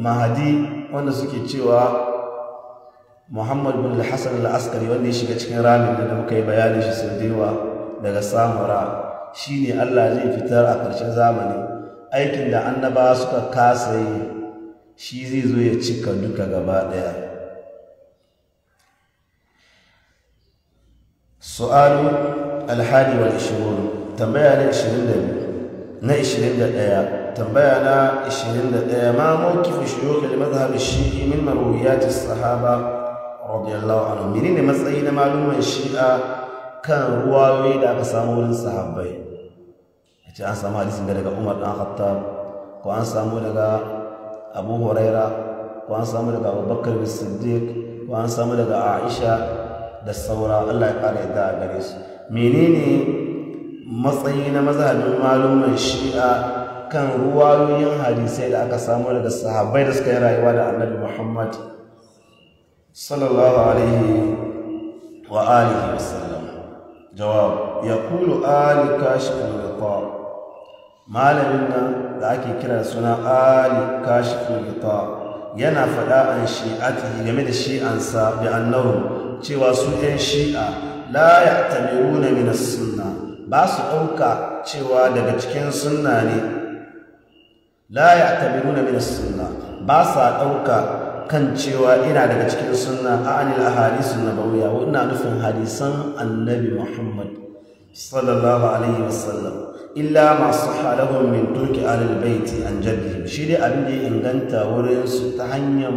Speaker 1: mahadi wanda suke cewa muhammad bin hassan al-askari wanda ya shiga cikin ramin da muka yi bayani shi sau yawa daga samura shi ne allah zai fitar a ƙarshen zamani aikin da annaba suka kasa yi shi zai zo ya cika duka gaba ɗaya su'alu alhadi wa ishirun tambaya na 22 na 21 tambaya na 21 ma shi shuyukh al-madhhab shi'i min marwiyat as-sahaba radiyallahu anhu menene matsayi na malumin shi'a kan ruwayoyi da aka samu wurin sahabbai ce an samu hadisin da daga Umar dan Khattab ko an samu daga Abu Huraira ko an samu daga Abubakar bin Siddiq ko an samu daga Aisha da saura Allah ya kare da gare su menene matsayi na mazhabin malumin shi'a kan ruwayoyin hadisai da aka samu daga sahabbai da suka yi rayuwa da annabi Muhammad sallallahu alaihi wa alihi wasallam jawab ya kulu ali kashi kulgata malamin nan da ake kira suna ali kashi kulgata yana faɗa an shi'ati game da shi'ansa bi annahu cewa su ɗan shi'a la ya'tamiruna min as-sunna ba su ɗauka cewa daga cikin sunna ne la ya'tamiruna min as-sunna ba sa ɗauka kan cewa ina daga cikin sunna a anil ahadisun nabawiyya ina nufin hadisan annabi muhammad sallallahu alaihi wasallam illa masu halahun min turki alil an jaddi shi dai abin da ya inganta wurinsu ta hanyar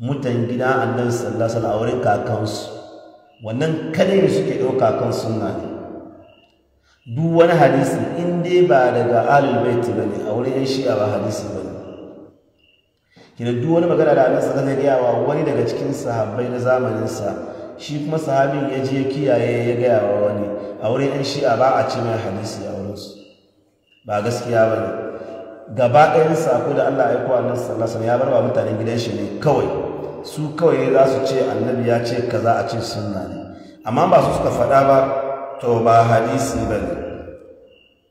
Speaker 1: mutan gida annabi sallallahu a wurin kakansu wannan kadai suke ɗauka kan sunna ne duk wani hadisi in dai ba daga alil ba ne, a wurin yan shi'a ba hadisi ne. kina duk wani magana da annabi sallallahu alaihi wasallam wani daga cikin sahabbai na zamanin sa shi kuma sahabin ya je kiyaye ya gaya wa wani a wurin yan shi'a ba a ce mai hadisi a wurin su ba gaskiya ba ne gaba ɗayan sako da Allah ya aiko annabi sallallahu alaihi wasallam ya bar wa mutanen gidan shi ne kawai su kawai za su ce annabi ya ce kaza a ce sunna ne amma ba su suka faɗa ba to ba hadisi ba ne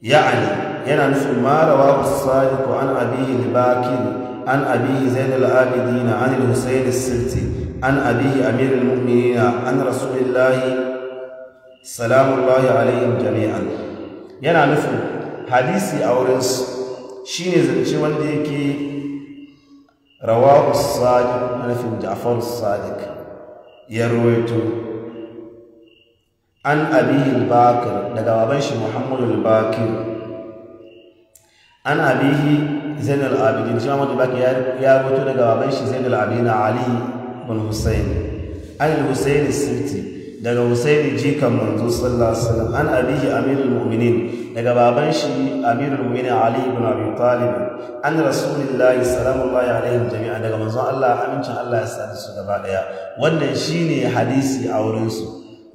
Speaker 1: ya'ani yana nufin ma rawahu sadiq an abihi libakin عن أبي زين العابدين عن الحسين السبتي An أبي أمير المؤمنين عن رسول الله سلام الله عليهم jami'an. yana nufin hadisi a wurinsu shi ne zance wanda yake rawahu sadiq na nufin ja'far sadiq ya ruwaito an abihi bakir daga baban shi muhammadu bakir an abihi zainal abidin shi amadu baki ya rubuto daga baban shi zainal abidin ali bin husaini an husaini sirti daga husaini jikan manzo sallallahu alaihi wasallam an abihi amirul mu'minin daga baban shi amirul mu'minin ali bin abi talib an rasulillahi sallallahu alaihi jami'a daga manzon Allah amincin Allah ya sadu su gaba daya wannan shine hadisi a wurin su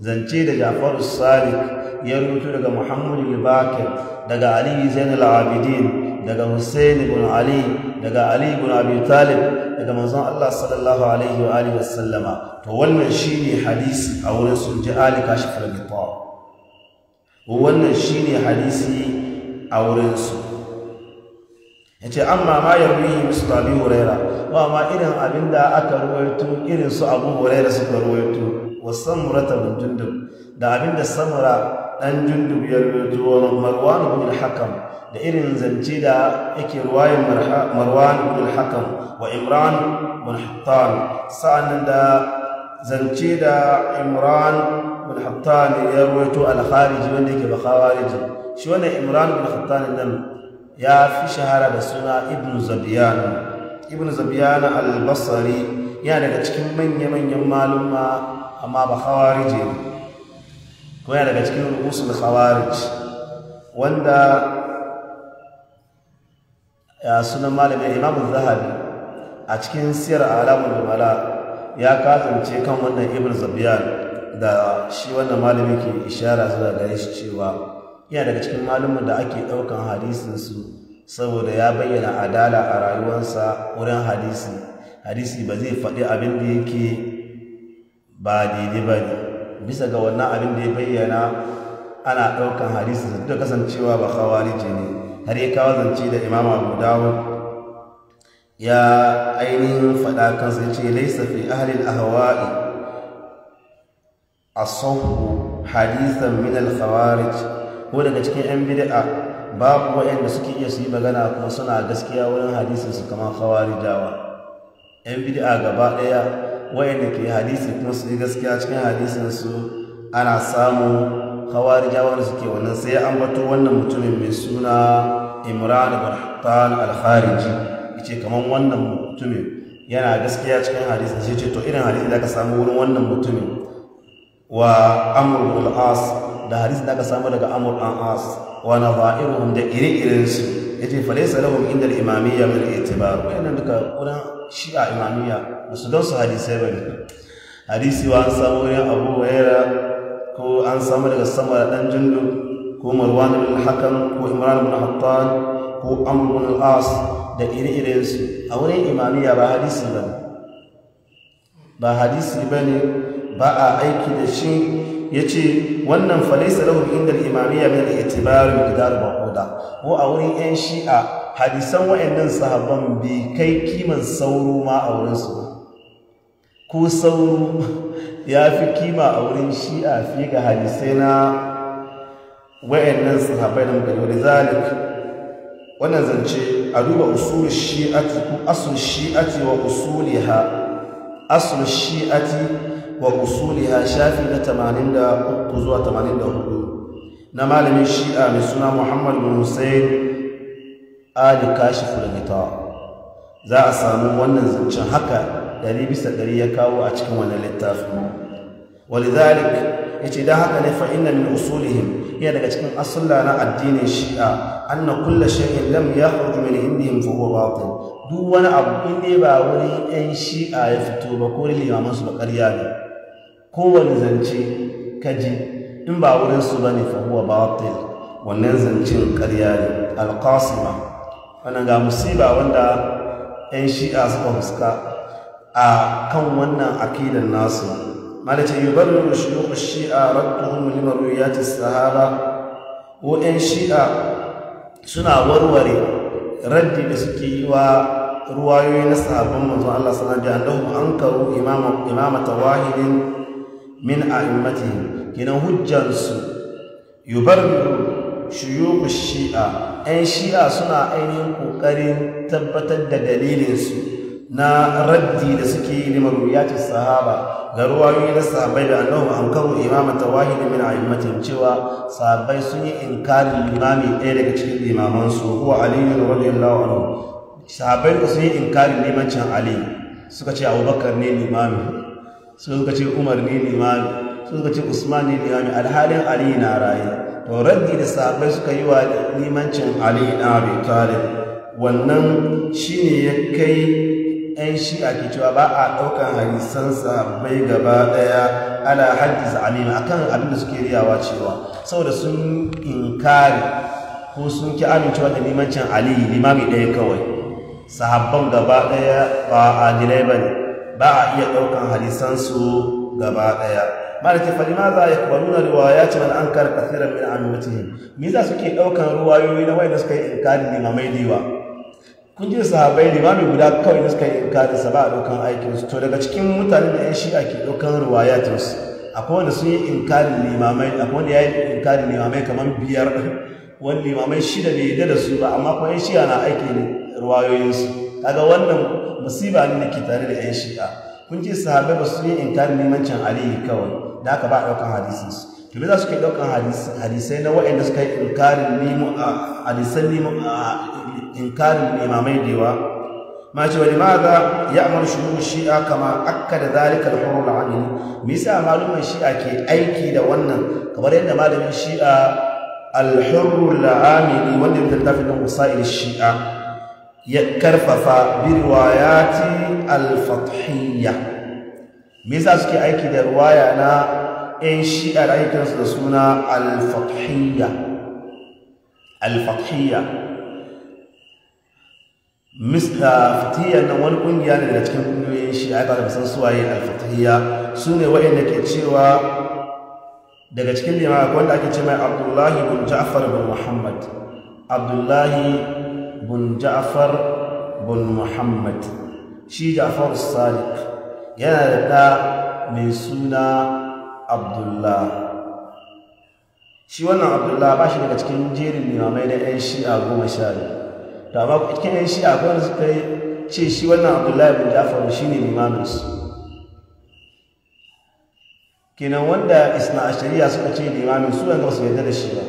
Speaker 1: zance da Jafaru Sadiq ya rubuto daga muhammadu bakir daga Ali Zainal Abidin daga Hussein ibn Ali daga Ali ibn Abi Talib daga manzon Allah sallallahu alaihi wa alihi wasallama to wannan shine hadisi a wurin sun ji Ali kashi al-Bitar wannan shine hadisi a wurin su Ya ce, amma ma yarwihi musta abin Huraira Ba ma irin abin da aka ruwaito irin su Abu Huraira suka ruwaito wa samurata bin Jundub da abin da samura dan Jundub ya ruwaito wa Marwan bin hakan? da irin zance da yake ruwayin marwan bin hakan wa imran bin hattan sa'annan da zance da imran bin hattan ya ruwaito al-khariji wanda yake ba khawariji shi wannan imran bin hattan nan ya fi shahara da suna ibn zabiyan ibn zabiyan al-basri yana daga cikin manya-manyan maluma amma ba khawariji ko yana daga cikin rusul khawarij wanda sunan malamin imamu zahari a cikin siyar alamun jumala ya kasance kan wannan ibn zabiyan da shi wannan malami ke ishara zuwa da shi cewa yana daga cikin malamin da ake ɗaukan hadisinsu saboda ya bayyana adala a rayuwarsa wurin hadisi hadisi ba zai faɗi abin da yake ba daidai ba ne bisa ga wannan abin da ya bayyana ana ɗaukan hadisi da kasancewa ba khawarije ne har ya kawo zance da imama abu ya ainihin faɗa kansa sai ce laisa fi ahlil A sauhu hadisan min ko daga cikin yan bid'a babu da suke iya su yi magana kuma suna gaskiya wurin hadisin su kamar khawarijawa yan bid'a gaba ɗaya da ke hadisi kuma su yi gaskiya cikin hadisin su ana samu khawarijawa wanda suke wannan sai an bato wannan mutumin mai suna imran bin hattan al-khariji yace kaman wannan mutumin yana gaskiya cikin hadisi sai ce to irin hadisi da ka samu wurin wannan mutumin wa amru al as da hadisi da ka samu daga amru an as wa nadha'iruhum da ire-iren su yace fa laysa lahum inda al-imamiyya min al-i'tibar wannan duka wurin shi'a imamiyya musu dan su hadisai bane hadisi wa an samu wurin abu hurairah ko an samu daga samar ɗan jindu ko marwan bin hakan ko imran bin hattan ko amr bin al-as da ire-iren su a wurin imamiya ba hadisi ba ba hadisi ba ne ba a aiki da shi ya ce wannan falaisa lahu inda imamiya min da itibar gidar maquda ko a wurin yan shi'a hadisan wa'annan sahabban bai kai kiman sauro ma a wurinsu ko sauro ya fi kima a wurin shi'a fi ga hadisai na wayannan sahabbai da muka da zalik wannan zance a duba usul shi'ati ko asul shi'ati wa usuliha asul shi'ati wa usuliha shafi na 83 zuwa 84 na malamin shi'a mai suna Muhammad bin Hussein Ali Kashiful Gita za a samu wannan zancen haka ɗari bisa ɗari ya kawo a cikin wani littafin walidhalik ya ce don haka ne fa'ina min usulihim iya daga cikin asulla na addinin shi'a anna kulla shay'in lam yakhruju min indihim fa huwa batil duk wani abu in ne ba wuri ɗan shi'a ya fito ba ko limaman su ba ƙarya ne wani zance kaji in ba wurin su bane fa huwa batil wannan zancen ƙarya ne alqasima wannan ga musiba wanda 'yan shi'a suka fuska a kan wannan akidan nasu da shi yi shi'a radduhum li ya ci sahara. Ko ‘yan shi'a suna warware raddi da suke yi wa ruwayoyi na sahabban mazu Allah sallallahu alaihi wasallam ankaru imama imamata wahidin min imati gina hujjansu yi shuyukh shi'a 'yan shi'a suna ainihin ƙoƙarin tabbatar da dalilinsu na raddi da suke yi limar ruyatin sahaba ga ruwayoyi na sahabbai da annahu an karu imama tawahid a a'immatin cewa sahabbai sun yi inkarin limami ɗaya daga cikin limaman su kuwa aliyu radiyallahu anhu sahabbai sun yi inkarin limancin ali suka ce abubakar ne limami suka ce umar ne limami suka ce usman ne limami alhalin ali na raye to raddi da sahabbai suka yi wa limancin ali na abi talib wannan shine ya kai 'yan shi'a ke cewa ba a ɗaukan harisansa bai gaba ɗaya ala haddisa a kan abin da suke riyawa cewa saboda sun inkari ko sun ki amincewa da limancin aliyu limami ɗaya kawai sahabban gaba ɗaya ba a dilai ne ba a iya ɗaukan harisansu gaba ɗaya malaki falima za ya kubaru na ya ce mana an kara kasirar min amincin me za suke ɗaukan ruwayoyi na wayanda suka yi inkari limamai diwa kun ji sahabbai limami guda kawai da suka yi inkarin sa ba a ɗaukan aikinsu to daga cikin mutane da yan shi'a ke ɗaukan ruwayatinsu akwai wanda sun yi inkarin limamai akwai wanda ya yi inkarin limamai kamar biyar wani limamai shida bai yadda da su ba amma kuma yan shi'a na aiki ruwayoyinsu kaga wannan musiba ne da ke tare da yan shi'a kun ji sahabai ba su yi inkarin limancin aliyu kawai da aka ba a ɗaukan to me za su ke ɗaukan hadisai na waɗanda suka yi inkarin limu a hadisan limu a inkarin imamai da yawa ma ce wani ma ga ya amur shuru shi'a kama akka da horo da horon la'adini misa malumin shi'a ke aiki da wannan kamar yadda malamin shi'a alhurru la'amili wanda ya littafin nan wasa'il shi'a ya karfafa bi riwayati al suke aiki da riwaya na in shi'a da da suna al-fathiyya mista fatiya na wani kungiya ne daga cikin kungiyoyin shi a ba san suwaye alfatiya su ne waɗanda ke cewa daga cikin limama wanda ake ce mai abdullahi bin ja'far bin muhammad abdullahi bin ja'far bin muhammad shi ja'afar sadiq yana da ɗa mai suna abdullah shi wannan abdullah ba shi daga cikin jerin limamai na 'yan shi'a goma sha biyu to amma cikin yan shi akwai wanda suka ce shi wannan abdullahi bin jafaru shi ne su kenan wanda isna ashariya suka ce limamin su yanzu su yarda da shi ba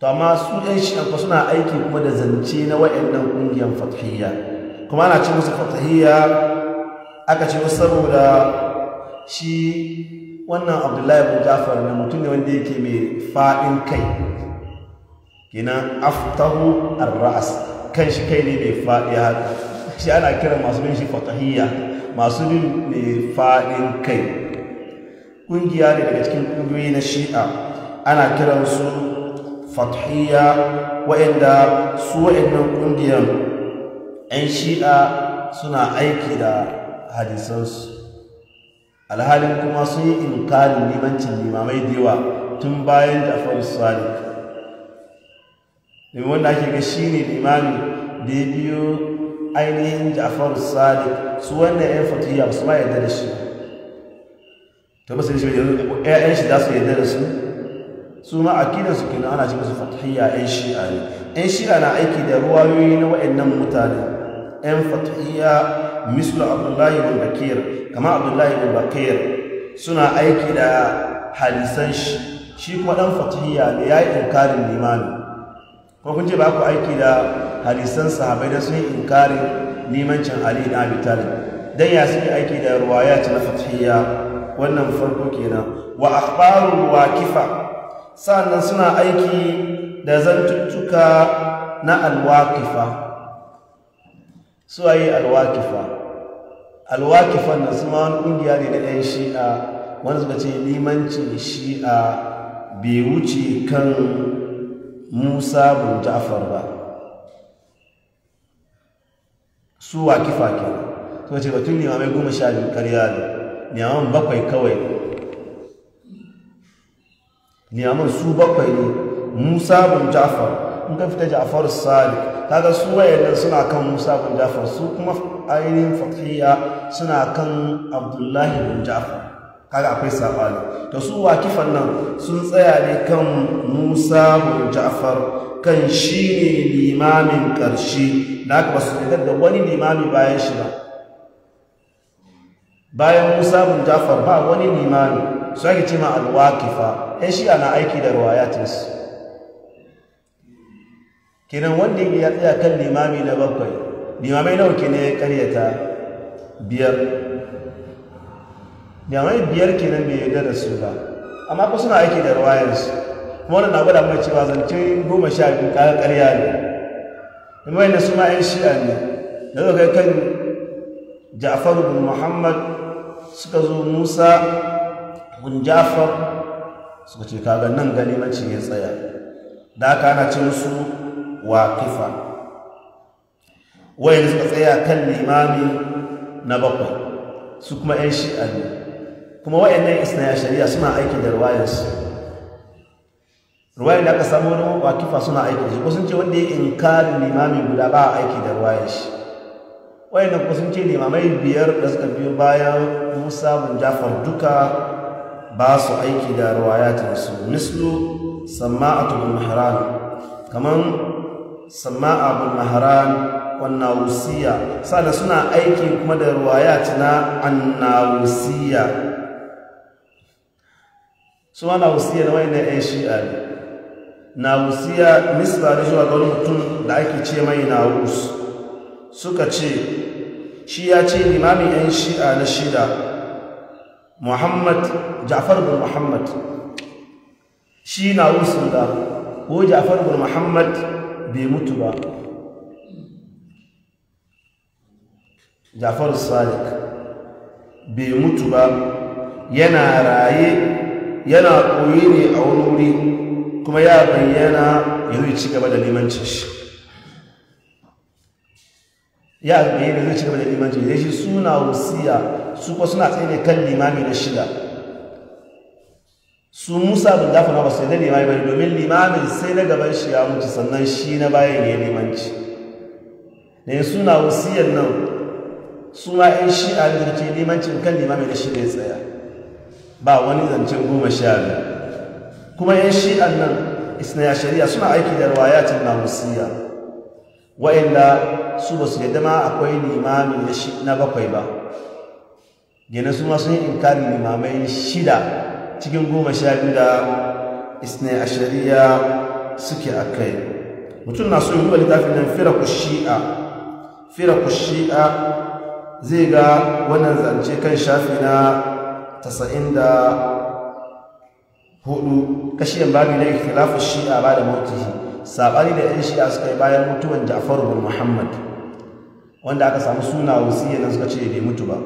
Speaker 1: to amma su yan shi akwai suna aiki kuma da zance na wayannan ƙungiyar fatihiyya kuma ana ce musu fatihiyya aka ce saboda shi wannan abdullahi bin ja'far na mutum ne wanda yake mai fa'in kai kenan aftahu arras kan shi kai ne mai faɗi haka shi ana kira masu bin shi fatahiyya masu bin mai faɗin kai ƙungiya ne daga cikin ƙungiyoyi na shi'a ana su fatahiyya wa'inda su wa'innan ƙungiyar 'yan shi'a suna aiki da hadisansu alhalin kuma sun yi inkarin limancin limamai da yawa tun bayan da faru salik domin wanda ake ga shi ne limamin da ya biyo ainihin ja'faru Sadi, su ya yan fatiya abu su ma yadda da shi Ta basu shi yanzu ƴaƴan shi za su yadda da su su ma akidan su kenan ana ce musu 'yan ƴan shi'a ne ƴan shi'a na aiki da ruwayoyi na waɗannan mutane ƴan fatihiyya mislu abdullahi bin bakir kama abdullahi bin bakir suna aiki da hadisan shi shi kuma ɗan fatihiyya ne ya yi inkarin limamin? ko kun ce ba ku aiki da hadisan sahabai da sun yi neman limancin ali na abi talib dan ya suke aiki da ruwaya ta fatihiyya wannan farko kenan wa ruwa waqifa sannan suna aiki da zantuttuka na alwaqifa su ayi alwaqifa nan su ma wani kungiya ne na yan shi'a wanda suka ce limancin shi'a bai wuce kan musa bin ja'far ba su wa kifa ke to ce batun mai goma sha biyu karya ne limaman bakwai kawai limaman su bakwai ne musa bin ja'far in ka fita ja'far sadiq kaga su wayannan suna kan musa bin ja'far su kuma ainihin fakhiya suna kan abdullahi bin ja'far kaga akwai sabani to su wakifan nan sun tsaya ne kan Musa bin Ja'far kan shi ne limamin ƙarshe da aka basu da da wani limami bayan shi ba bayan Musa bin Ja'far ba wani limami su ake cewa al-waqifa ɗan shi ana aiki da riwayatinsu kenan wanda ya tsaya kan limami na bakwai limamai nawa kenan ya karyata biyar jami'ai biyar kenan bai yarda da su ba amma ku suna aiki da ruwayarsu kuma wannan na gwada mai cewa zance goma sha biyu kaga karya ne imai na su ma yan shi'a ne da suka kai kan ja'far bin muhammad suka zo musa bin ja'far suka ce kaga nan mace ya tsaya da aka ana ce musu waƙifa wayanda suka tsaya kan limami na bakwai su kuma yan shi'a kuma wayannan isna shari'a suna aiki da ruwayarsu ruwayar da aka samu wani wakifa suna aiki da shi kusan ce wanda ya inkarin limami guda ba a aiki da ruwayar shi Wa'in ko sun ce limamai biyar da suka biyo bayan musa bin jafar duka ba su aiki da su, mislu sama'atu bin mahran kaman sama'a bin mahran annawusiya sannan suna aiki kuma da ruwaya ta na annawusiya su ma na wasiya na wayannan shi shi'a ne na wasiya nisba da zuwa ga wani mutum da ake ce mai na wus suka ce shi ya ce limamin 'yan shi'a na shida muhammad ja'far bin muhammad shi na wusun da ko ja'far bin muhammad bai mutu ba ja'far sadiq bai mutu ba yana raye yana koyi ne a wani wuri kuma ya bayyana yanzu ci gaba da limanci shi ya bayyana zai ci gaba da limanci ya shi suna wasiya su kuwa suna tsaye ne kan limami na shida su musa bin gafana ba su yi limami ba domin limamin sai na gaban shi ya mutu sannan shi na bayan ya limanci ne suna wasiyar nan su ma 'yan shi'a da ke limancin kan limami na shida ya tsaya ba wani zancen goma sha biyu kuma yan shi'an nan ya shari'a suna aiki da riwayatin namusiya wa'inda su ba su yadda ma akwai limamin na bakwai ba gina su ma sun yi inkarin limamai shida cikin goma sha biyu da ya shari'a suke a kai mutum na so yi wa littafin nan ku shi'a ku shi'a zai ga wannan zance kan shafi na tasa'in da kashiyan babu na ikhtilafu shi'a ba da mutihi sabani da yan shi'a suka yi bayan mutuwan jafaru bin muhammad wanda aka samu suna wasiyya nan suka ce bai mutu ba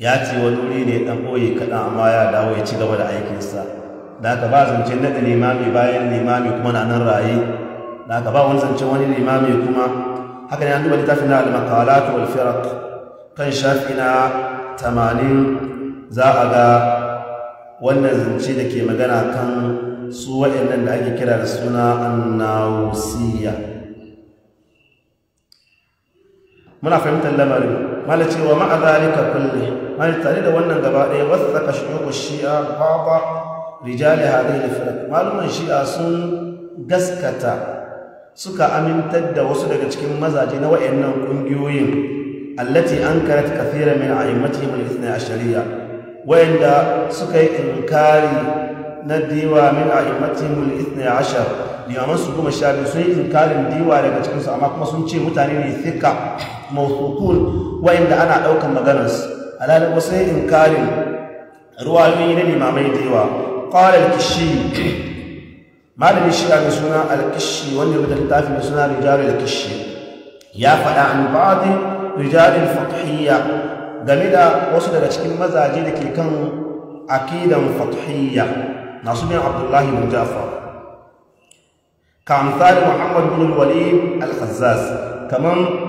Speaker 1: ya ce wani wuri ne dan boye kaɗan amma ya dawo ya ci gaba da aikinsa da aka ba zance daɗa limami bayan limami kuma na nan raye da aka ba wani zancen wani limami kuma haka ne an duba littafin na al-maqalat wal firaq kan shafi na za a ga wannan zance da ke magana kan su waɗannan da ake kira da suna annawusiyya muna fahimtar lamarin mala cewa ma'a zalika kulle. mala tare da wannan gaba ɗaya wasu tsaka shi'u shi'a baba rijali hadhihi da firq malumin shi'a sun gaskata suka amintar da wasu daga cikin mazaje na waɗannan ƙungiyoyin allati an karata kathira min a'immatihim al a shari'a. wayanda suka yi inkari na diwa min a imatihimul ithni ashar limaman su goma sha biyu sun yi inkarin diwa daga cikinsu amma kuma sun ce mutane ne thika mawthukun wayanda ana ɗaukan maganarsu alhalin kuma sun yi inkarin ruwayoyi na limamai diwa Ƙwarar al-kishi malami shi ga suna al-kishi wanda ya littafi mai suna rijalul kishi ya faɗa an ba'd rijalul fiqhiyya game da wasu daga cikin mazaje da ke kan akidan fatihiyya na bin abdullahi bin jafar ka da muhammad bin walid al-khazzaz kaman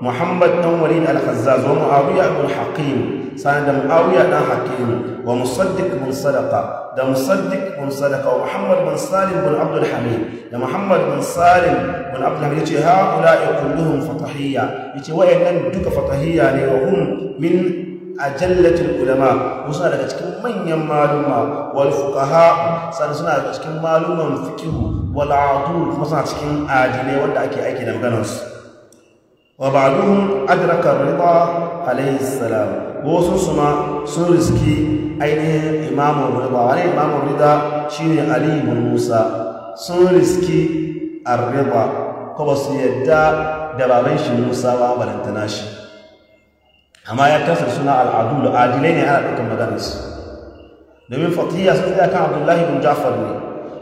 Speaker 1: muhammad dan walid al-khazzaz wa muawiya ibn hakim sanan da muawiya dan hakim wa musaddiq bin sadaqa da musaddiq bin sadaqa wa muhammad bin salim bin abdul hamid da muhammad bin salim bin abdul hamid yace haula'i kulluhum fatahiyya yace wayannan duka fatahiyya ne wa hum min ajallatul ulama suna daga cikin manyan maluma wal fuqaha sannan suna daga cikin maluman fiqh wal adul kuma suna cikin adilai wanda ake aiki da su. wa ba'duhum adraka rida alayhi salam wasu su sun riski ainihin imamu rida wani imamu rida shine ali ibn sun riski arriba ko ba su yadda da shi musa ba balantana shi amma ya kasar suna al'adul adilai ne ana ɗaukar maganarsu domin fatiyya sun tsaya kan abdullahi bin jafar ne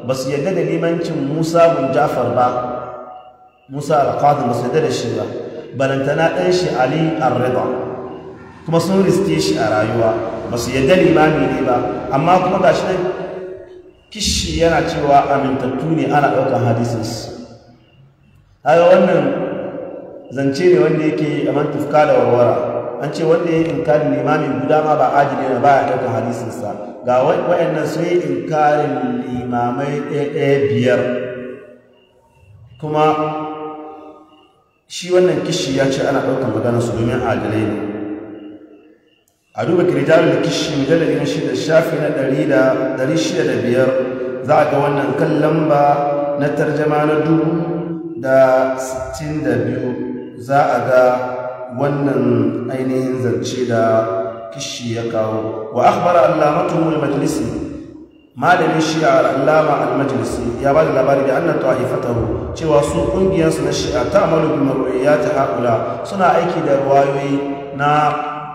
Speaker 1: ba su yadda da limancin musa bin jafar ba musa ba su da shi ba balantana ɗan shi ali arriba kuma sun riske shi a rayuwa ba su yadda limami ne ba amma kuma ga shi ne? kishi yana cewa amintattu ne ana ɗaukar hadisus haka wannan zance ne wanda yake a mantufka da warwara an ce wanda ya yi inkarin limamin guda ma ba ne na baya ɗaukar hadisinsa ga waɗannan sun yi inkarin limamai ɗaya biyar kuma shi wannan kishi ya ce ana ɗaukar magana su domin adalai ne a duba kiritarul kishi mujallar shi da shafi na ɗari shida da biyar za a ga wannan kan lamba na tarjama na dubu da sittin da biyu za a ga wannan ainihin zance da kishi ya kawo wa akhbara allamatu majlisi malamin shi'a al'ama al-majalisi ya ba da labari da annan ta'ifatahu cewa su ƙungiyarsu na shi'a ta amalu bi marwaya ta haƙula suna aiki da ruwayoyi na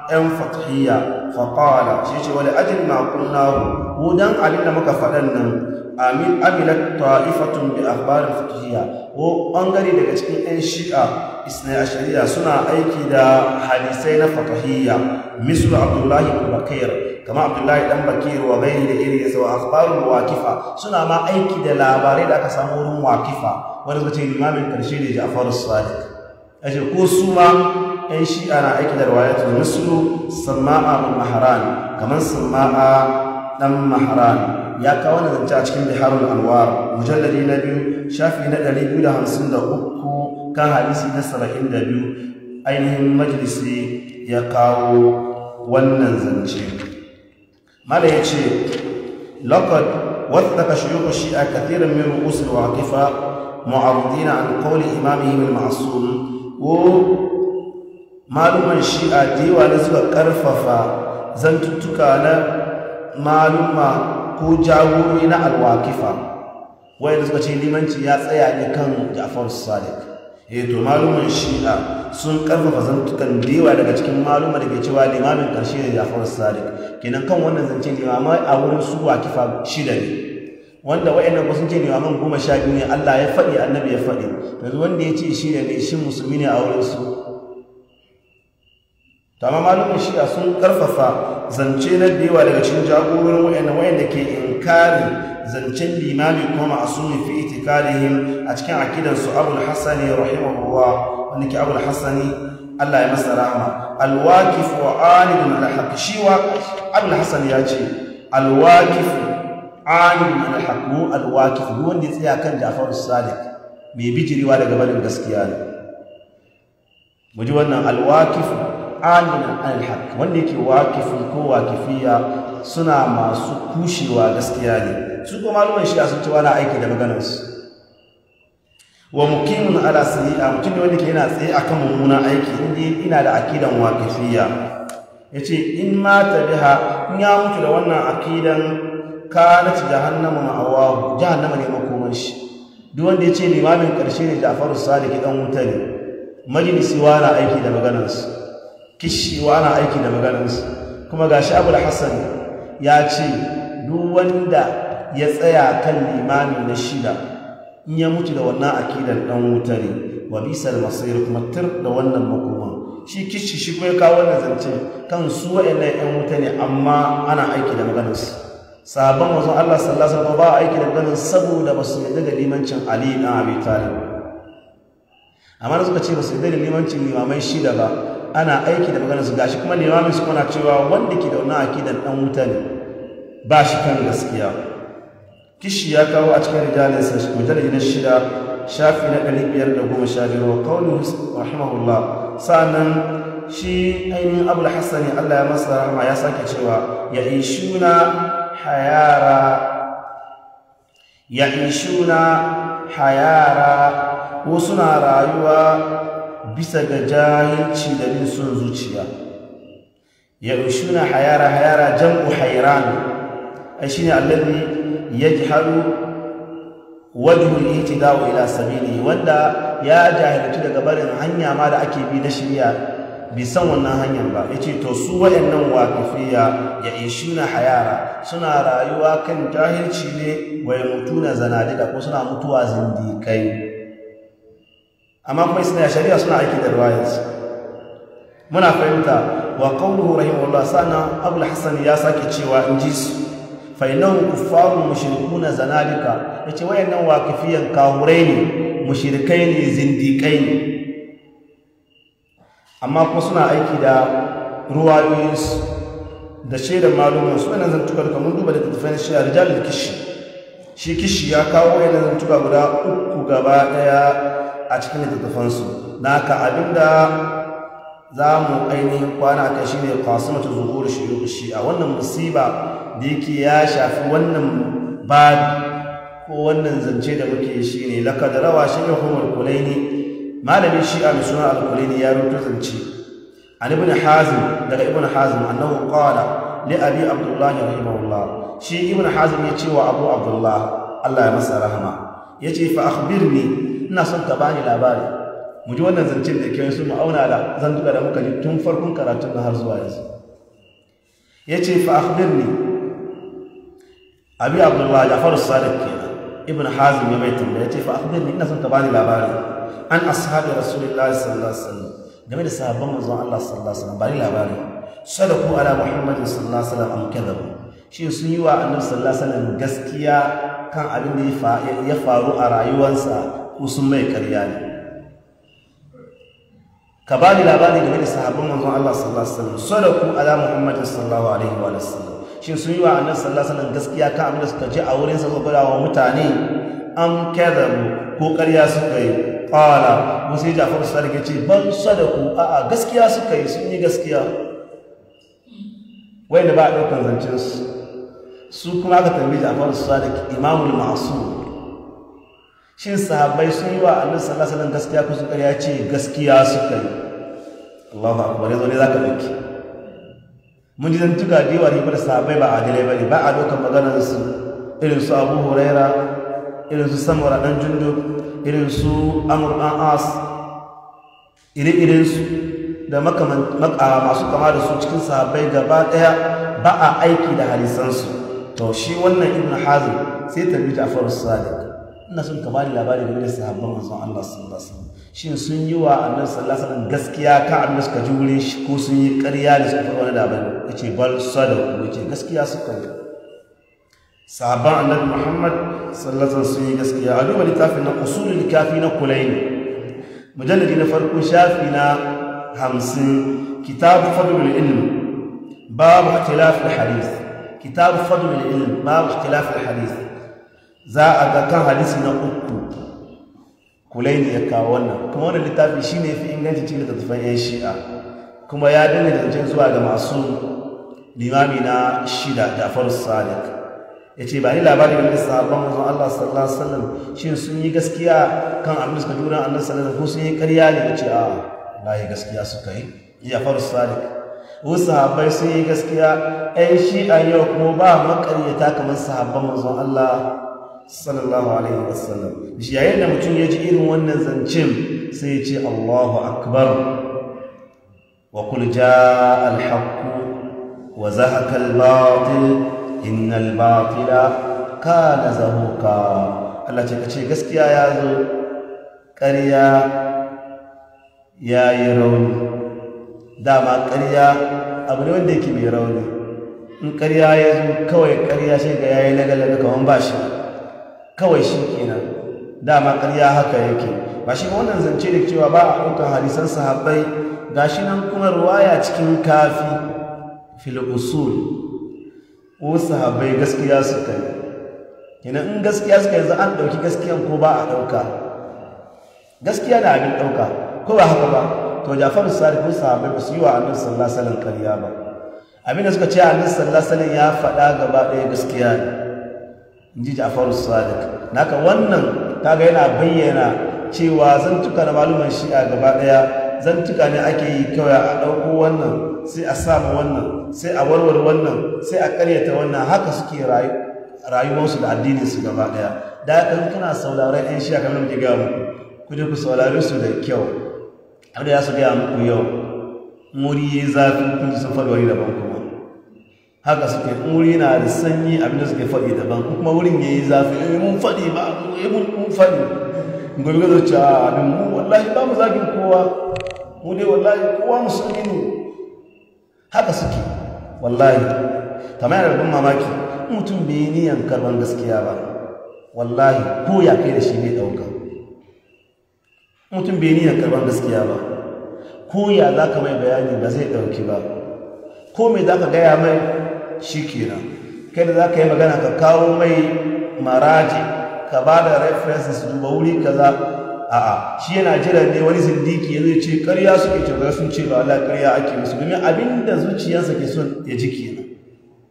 Speaker 1: 'yan fatihiyya faƙawala shi ce wani ajin na ƙunnahu mu don abin da muka faɗan nan amin amilat ta'ifatun bi akhbarin fatihiyya ko ɓangare daga cikin 'yan shi'a isna shari'a suna aiki da hadisai na fatihiyya misru abdullahi bakir kama abdullahi dan bakir wa bai da sawa wa akhbarul waqifa suna ma aiki da labarai da aka samu wurin waqifa wanda zai ce limamin karshe ne ja'far as-sadiq aje ko su ma 'yan shi'a na aiki da riwayatul muslu sama'a bin mahran kaman sama'a dan mahran ya kawo na zance a cikin biharul anwar mujalladi na biyu shafi na 253 kan hadisi na 72 ainihin majalisi ya kawo wannan zance mala ya ce ka wattaka shi shi'a kathiran min ru'us al-waqifa na an qawli imami al-ma'sum wa maluman a jewa ne suka karfafa zantuttuka na maluma ko jagori na alwakifa waqifa wayanda suka ce limanci ya tsaya ne kan Ja'far Sadiq Eh, to malumin shi'a sun karfafa zantukan dewa daga cikin maluma da ke cewa limamin karshe ne faru sadiq kenan kan wannan zance limamai a wurin su wa kifa shida ne wanda wa'annan ba sun ce limaman goma sha biyu ne allah ya faɗi annabi ya faɗi yanzu wanda ya ce shi ne shi musulmi ne a wurin su ma malumin shiya sun karfafa zance na da daga cikin jagororin wayannan wayanda ke inkari zancen limami kuma masu fi itikalihim a cikin akidansu abul hasani rahimahullah wanda ke abul hasani Allah ya masa rahama alwaqif wa alim al shi wa abul hasani ya ce alwaqif alim mu haq mu wanda ya tsaya kan Ja'far salik mai bijiriwa daga barin gaskiya ne mu ji wannan alwaqif amina alhaq wanda yake wakifi ko wakifiya suna masu kushewa gaskiya ne su kuma malaman shi sun ce aiki da maganarsu wa mukimin ala sayi'a mutum ne wanda ke yana tsaye akan mummunan aiki inda ina da akidan wakifiya yace in ma in ya mutu da wannan akidan kanat jahannama na jahannama ne makomar shi duk wanda yace limamin karshe ne Ja'faru Sadiq dan wuta ne majalisi wala aiki da maganarsu kishiwa ana aiki da maganarsu kuma ga shi abul hassan ya ce duk wanda ya tsaya kan limami na shida in ya mutu da wannan akidar dan wutare, ne wa bisal masir kuma tur da wannan makoma shi kishi shi kuma ya kawo wannan zance kan su wa'annan yan wuta ne amma ana aiki da maganarsu sabon wasu Allah sallallahu alaihi wasallam ba aiki da maganar saboda ba su yi da limancin Ali na Abi Talib amma suka ce ba su yi da limancin limamai shida ba ana aiki da maganar su gashi kuma limamin su kuna cewa wanda ke da wannan akidan dan wuta ne ba shi kan gaskiya kishi ya kawo a cikin rijalin sa shi mujallaji shida shafi na ɗari biyar da goma sha biyar wa kauli rahimahullah sa'annan shi ainihin abul hassani allah ya masa rahama ya sake cewa ya ishuna hayara ya ishuna hayara ko suna rayuwa bisa ga jahilci da bin son zuciya ya na hayara hayara jam'u ne. ai shine allazi yajhalu ya al dawo ila sabili wanda ya jahilci daga barin hanya ma da ake bi na shirya bi san wannan hanyar ba Ya ce to su wayannan waqifiya ya na hayara suna rayuwa kan jahilci ne mutu na zanadida ko suna mutuwa zindikai amma kuma isna shari'a suna aiki da riwayarsu muna fahimta wa qawluhu rahimahullah sana abul hasan ya sake cewa in ji su fa innahum kuffarun mushrikuna zanadika yace wayannan waqifiyan kahurai ne mushrikai ne zindikai ne amma kuma suna aiki da ruwayoyinsu da shaidar malumin su wannan zantukar kamar duba da tafiyar shi a rijalar kishi shi kishi ya kawo zan tuka guda uku gaba daya a cikin littattafansu na ka abinda za mu ainihin kwana kan shi ne kwasimata zuhuri shi. shi'a wannan musiba da yake ya shafi wannan babi ko wannan zance da muke shi ne Da rawa shi ne kuma kulaini Malami shi'a mai suna al-kulaini ya rubuta zance an ibn hazim daga ibn hazim annahu qala li abi abdullahi rahimahullah shi ibn hazim ya ce wa abu abdullah Allah ya masa rahama yace fa akhbirni ina son ka bani labari mu ji wannan zancen da kyau su mu auna da zan duka da muka ji tun farkon karatun na har zuwa yanzu Ya ce fa akhbirni abi abdullahi jafar as-sadiq kenan ibn hazim ya bai tambaya ce fa ne ina son ka bani labari an ashabi rasulullahi sallallahu alaihi wasallam game da sahabban manzon Allah sallallahu alaihi wasallam bari labari sadaku ala muhammadin sallallahu alaihi wasallam kadhabu shi sun yi wa annabi sallallahu alaihi wasallam gaskiya kan abin da ya faru a rayuwarsa ko sun mai karya ne ka ba ni labari game da sahabin manzon Allah sallallahu alaihi wasallam sadaku ala muhammadin sallallahu alaihi wa sallam shin sun yi wa annabi sallallahu alaihi wasallam gaskiya kan abin da suka ji a wurin sa saboda wa mutane an kadabu ko karya suka yi qala musa ya jafaru sallallahu alaihi ce ban sadaku a a gaskiya suka yi sun yi gaskiya wai da ba a daukan zancen su su kuma aka tambayi jafar sallallahu alaihi imamul ma'sum shin sahabbai sun yi wa annabi sallallahu gaskiya ko su ya ce gaskiya suka yi Allahu akbar yanzu ne ka dauki mun ji zan tuka da ne da sahabbai ba adalai ne, ba a dokar maganar su irin su Abu Huraira irin su Samura dan jundu irin su amur an As iri iren su da masu kama da su cikin sahabbai gaba daya ba a aiki da harisansu to shi wannan ibn hazim sai ta bi ta faru sadiq ina son ka bani labari game da sahabban manzon Allah sallallahu alaihi wasallam shin sun yi wa annabi sallallahu alaihi wasallam gaskiya ka annabi suka ji wurin shi ko sun yi ƙarya da suka faɗa da bani yace bal sadaq yace gaskiya suka yi sahabban annabi Muhammad sallallahu alaihi wasallam sun yi gaskiya a duba littafin na usulul kafi na kulaini mujalladi na farko shafi na 50 kitabu fadlul ilm babu ikhtilaf al hadith kitabu fadlul ilm babu ikhtilaf al hadith za a ga kan hadisi na uku kulaini ya kawo wannan kuma wannan littafi shi ne fi inganci cikin littattafan yan shi'a kuma ya dinga zancen zuwa ga masu limami na shida faru sadiq ya ce ba ni labarin da ba mazu Allah sallallahu alaihi wasallam shin sun yi gaskiya kan abin da suka duna Allah sallallahu alaihi wasallam ko sun yi karya ne ya ce a layi gaskiya suka yi faru sadiq wasu sahabbai sun yi gaskiya ɗan shi'a yau kuma ba maƙaryata kamar sahabban mazu Allah sallallahu alaihi wasallam yayin da mutum ya ji irin wannan zancen sai ya ce Allahu akbar wa qul jaa al-haqq wa zahaqa al-batil innal batila kana zahuqa Allah ce kace gaskiya ya zo ƙarya ya yi rauni dama ƙarya abu ne wanda yake mai rauni in ƙarya ya zo kawai ƙarya shi ga yayi lagalaga kaman ba shi kawai shi kenan dama karya haka yake ba shi wannan zance da cewa ba a ɗaukar hadisan sahabbai gashi nan kuma ruwaya cikin kafi fil usul wasu sahabbai gaskiya suka yi Ina in gaskiya suka za a ɗauki gaskiyan ko ba a ɗauka gaskiya na abin ɗauka ko ba haka ba to jafaru sadiq ko sahabbai ba su yi wa annabi sallallahu alaihi wasallam ƙarya ba abin da suka ce annabi sallallahu alaihi wasallam ya faɗa gaba ɗaya gaskiya ne inji ji jafaru sadiq naka wannan ta ga yana bayyana cewa zan tuka na maluman shi'a gaba daya tuka ne ake yi kawai a ɗauko wannan sai a samu wannan sai a warware wannan sai a ƙaryata wannan haka suke rayuwarsu da su gaba daya da haka kana sauraron 'yan shi'a kamar da gaba ku je ku saurare su da kyau har da ya su gaya muku yau muri yi zafi kun sun faɗi wani daban kuma haka suke wuri na da sanyi abinda suke faɗi daban kuma wurin ya yi zafi eh, mun faɗi ba eh, mun faɗi gobe ga zuci a ah, abin mu wallahi ba mu zagin kowa mu dai wallahi kowa musulmi ne haka suke wallahi tamar da babban mamaki mutum bai niyan karban gaskiya ba wallahi ko ya kai da shi bai ɗauka mutum bai niyan karban gaskiya ba ko ya za ka mai bayani ba zai ɗauki ba ko mai za ka gaya mai shi kenan kai da za ka yi magana ka kawo mai maraji ka ba da references duba wuri kaza a'a shi yana jira ne wani zindiki ya zai ce karya suke cewa sun ce ba Allah karya ake musu domin abin da zuciyarsa ke son ya ji kenan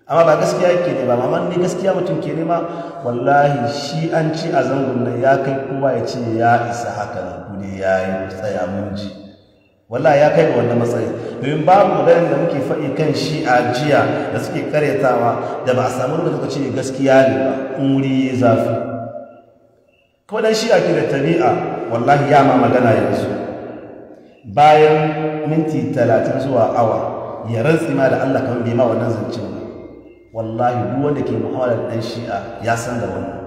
Speaker 1: amma ba gaskiya yake ne ba amma ne gaskiya mutum ke nema wallahi shi an ci a zangon nan ya kai kowa ya ce ya isa haka na, ne ya yi tsaya mun ji Walla ya kai ga wannan matsayi domin babu maganar da muke faɗi kan shi a jiya da suke karyatawa da ba a samu da suka gaskiya ne ba in wuri zafi ko dan shi a da tabi'a wallahi ya ma magana yanzu bayan minti talatin zuwa awa ya rantsi ma da Allah kan bai ma wannan zancen ba wallahi duk wanda ke muhawarar dan shi'a ya san da wannan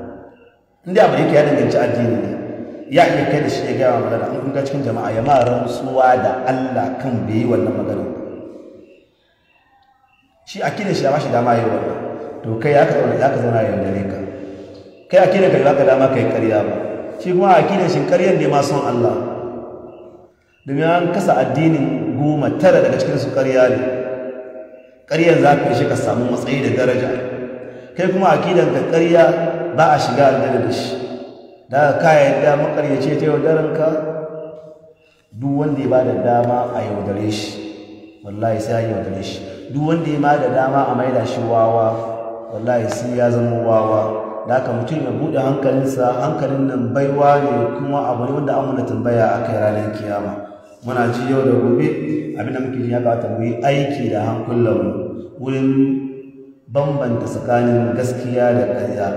Speaker 1: inda abu yake ya danganci addini ne ya iya kai da shi ya gaya magana an kunga cikin jama'a ya mara rantsuwa da Allah kan bai yi wannan magana shi a kira shi ya bashi dama yi wannan to kai ya kasa wani zaka ka zauna ya gare ka kai a kira ka ba ka dama kai karya ba shi kuma a kira shi karyar ne ma son Allah domin an kasa addinin goma tara daga cikin su karya ne karyar za ka shi ka samu matsayi da daraja kai kuma a kira ka karya ba a shiga aljanna da shi da ka yadda makaryace ta yaudaranka duk wanda ya ba dama a yaudare shi wallahi sai ya yaudare shi duk wanda ya ba da dama a maida shi wawa wallahi sai ya zama wawa da haka mutum ya buɗe hankalinsa hankalin nan baiwa ne kuma abu ne wanda an tambaya a kai ranar kiyama muna ji yau da gobe abinda muke ji ya ga mu yi aiki da hankulanmu wurin bambanta tsakanin gaskiya da ƙarya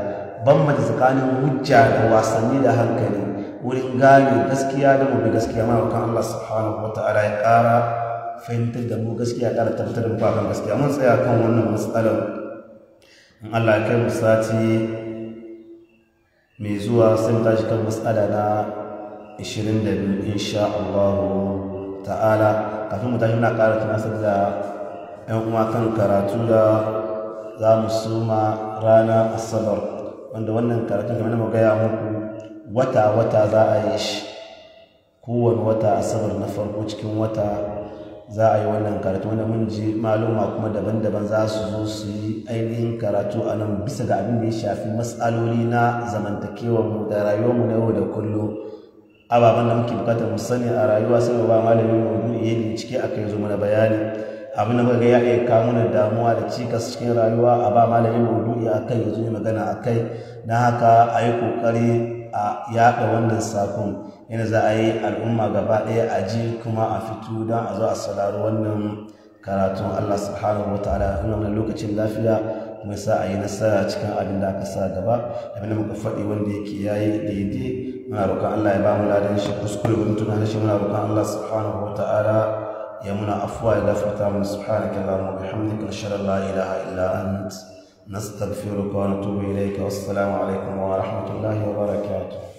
Speaker 1: bambanta tsakanin hujja da wasanni da hankali wurin gane gaskiya da mabi gaskiya ma kan Allah subhanahu wata'ala ya kara fahimtar da mu gaskiya kara tabbatar da mu kan gaskiya mun tsaya kan wannan matsalar in Allah ya kai mu sati mai zuwa sai mu tashi kan matsala na 22 insha Allah ta'ala kafin mu tashi muna kara tunasar da ƴan uwa kan karatu da za mu suma rana asabar wanda wannan karatun kamar na gaya muku wata-wata za a yi shi kowane wata asabar na farko cikin wata za a yi wannan karatu wanda mun ji maluma kuma daban-daban za su zo su yi ainihin karatu a nan bisa ga abin da ya shafi matsaloli na zamantakewar mu da rayuwar mu na yau da kullum ababen da muke bukatar mu sani a rayuwa sai ba malamin mu ya yi ciki aka yi zo mana bayani abin da ga ya iya kawo mana damuwa da cikas cikin rayuwa a ba malamin maudu'i a kai yanzu ne magana a kai na haka a yi ƙoƙari a yaɗa wannan sakon yana za a yi al'umma gaba ɗaya a ji kuma a fito don a zo a saurari wannan karatun allah subhanahu wa ta'ala ina wannan lokacin lafiya kuma sa a yi nasara cikin abin da aka sa gaba abin da muka faɗi wanda yake ya yi daidai muna roƙon allah ya ba mu ladan shi kuskure wani tunanin shi muna roƙon allah subhanahu wa ta'ala يا منى عفوا إلى فتام سبحانك اللهم وبحمدك نشهد أن لا إله إلا أنت نستغفرك ونتوب إليك والسلام عليكم ورحمة الله وبركاته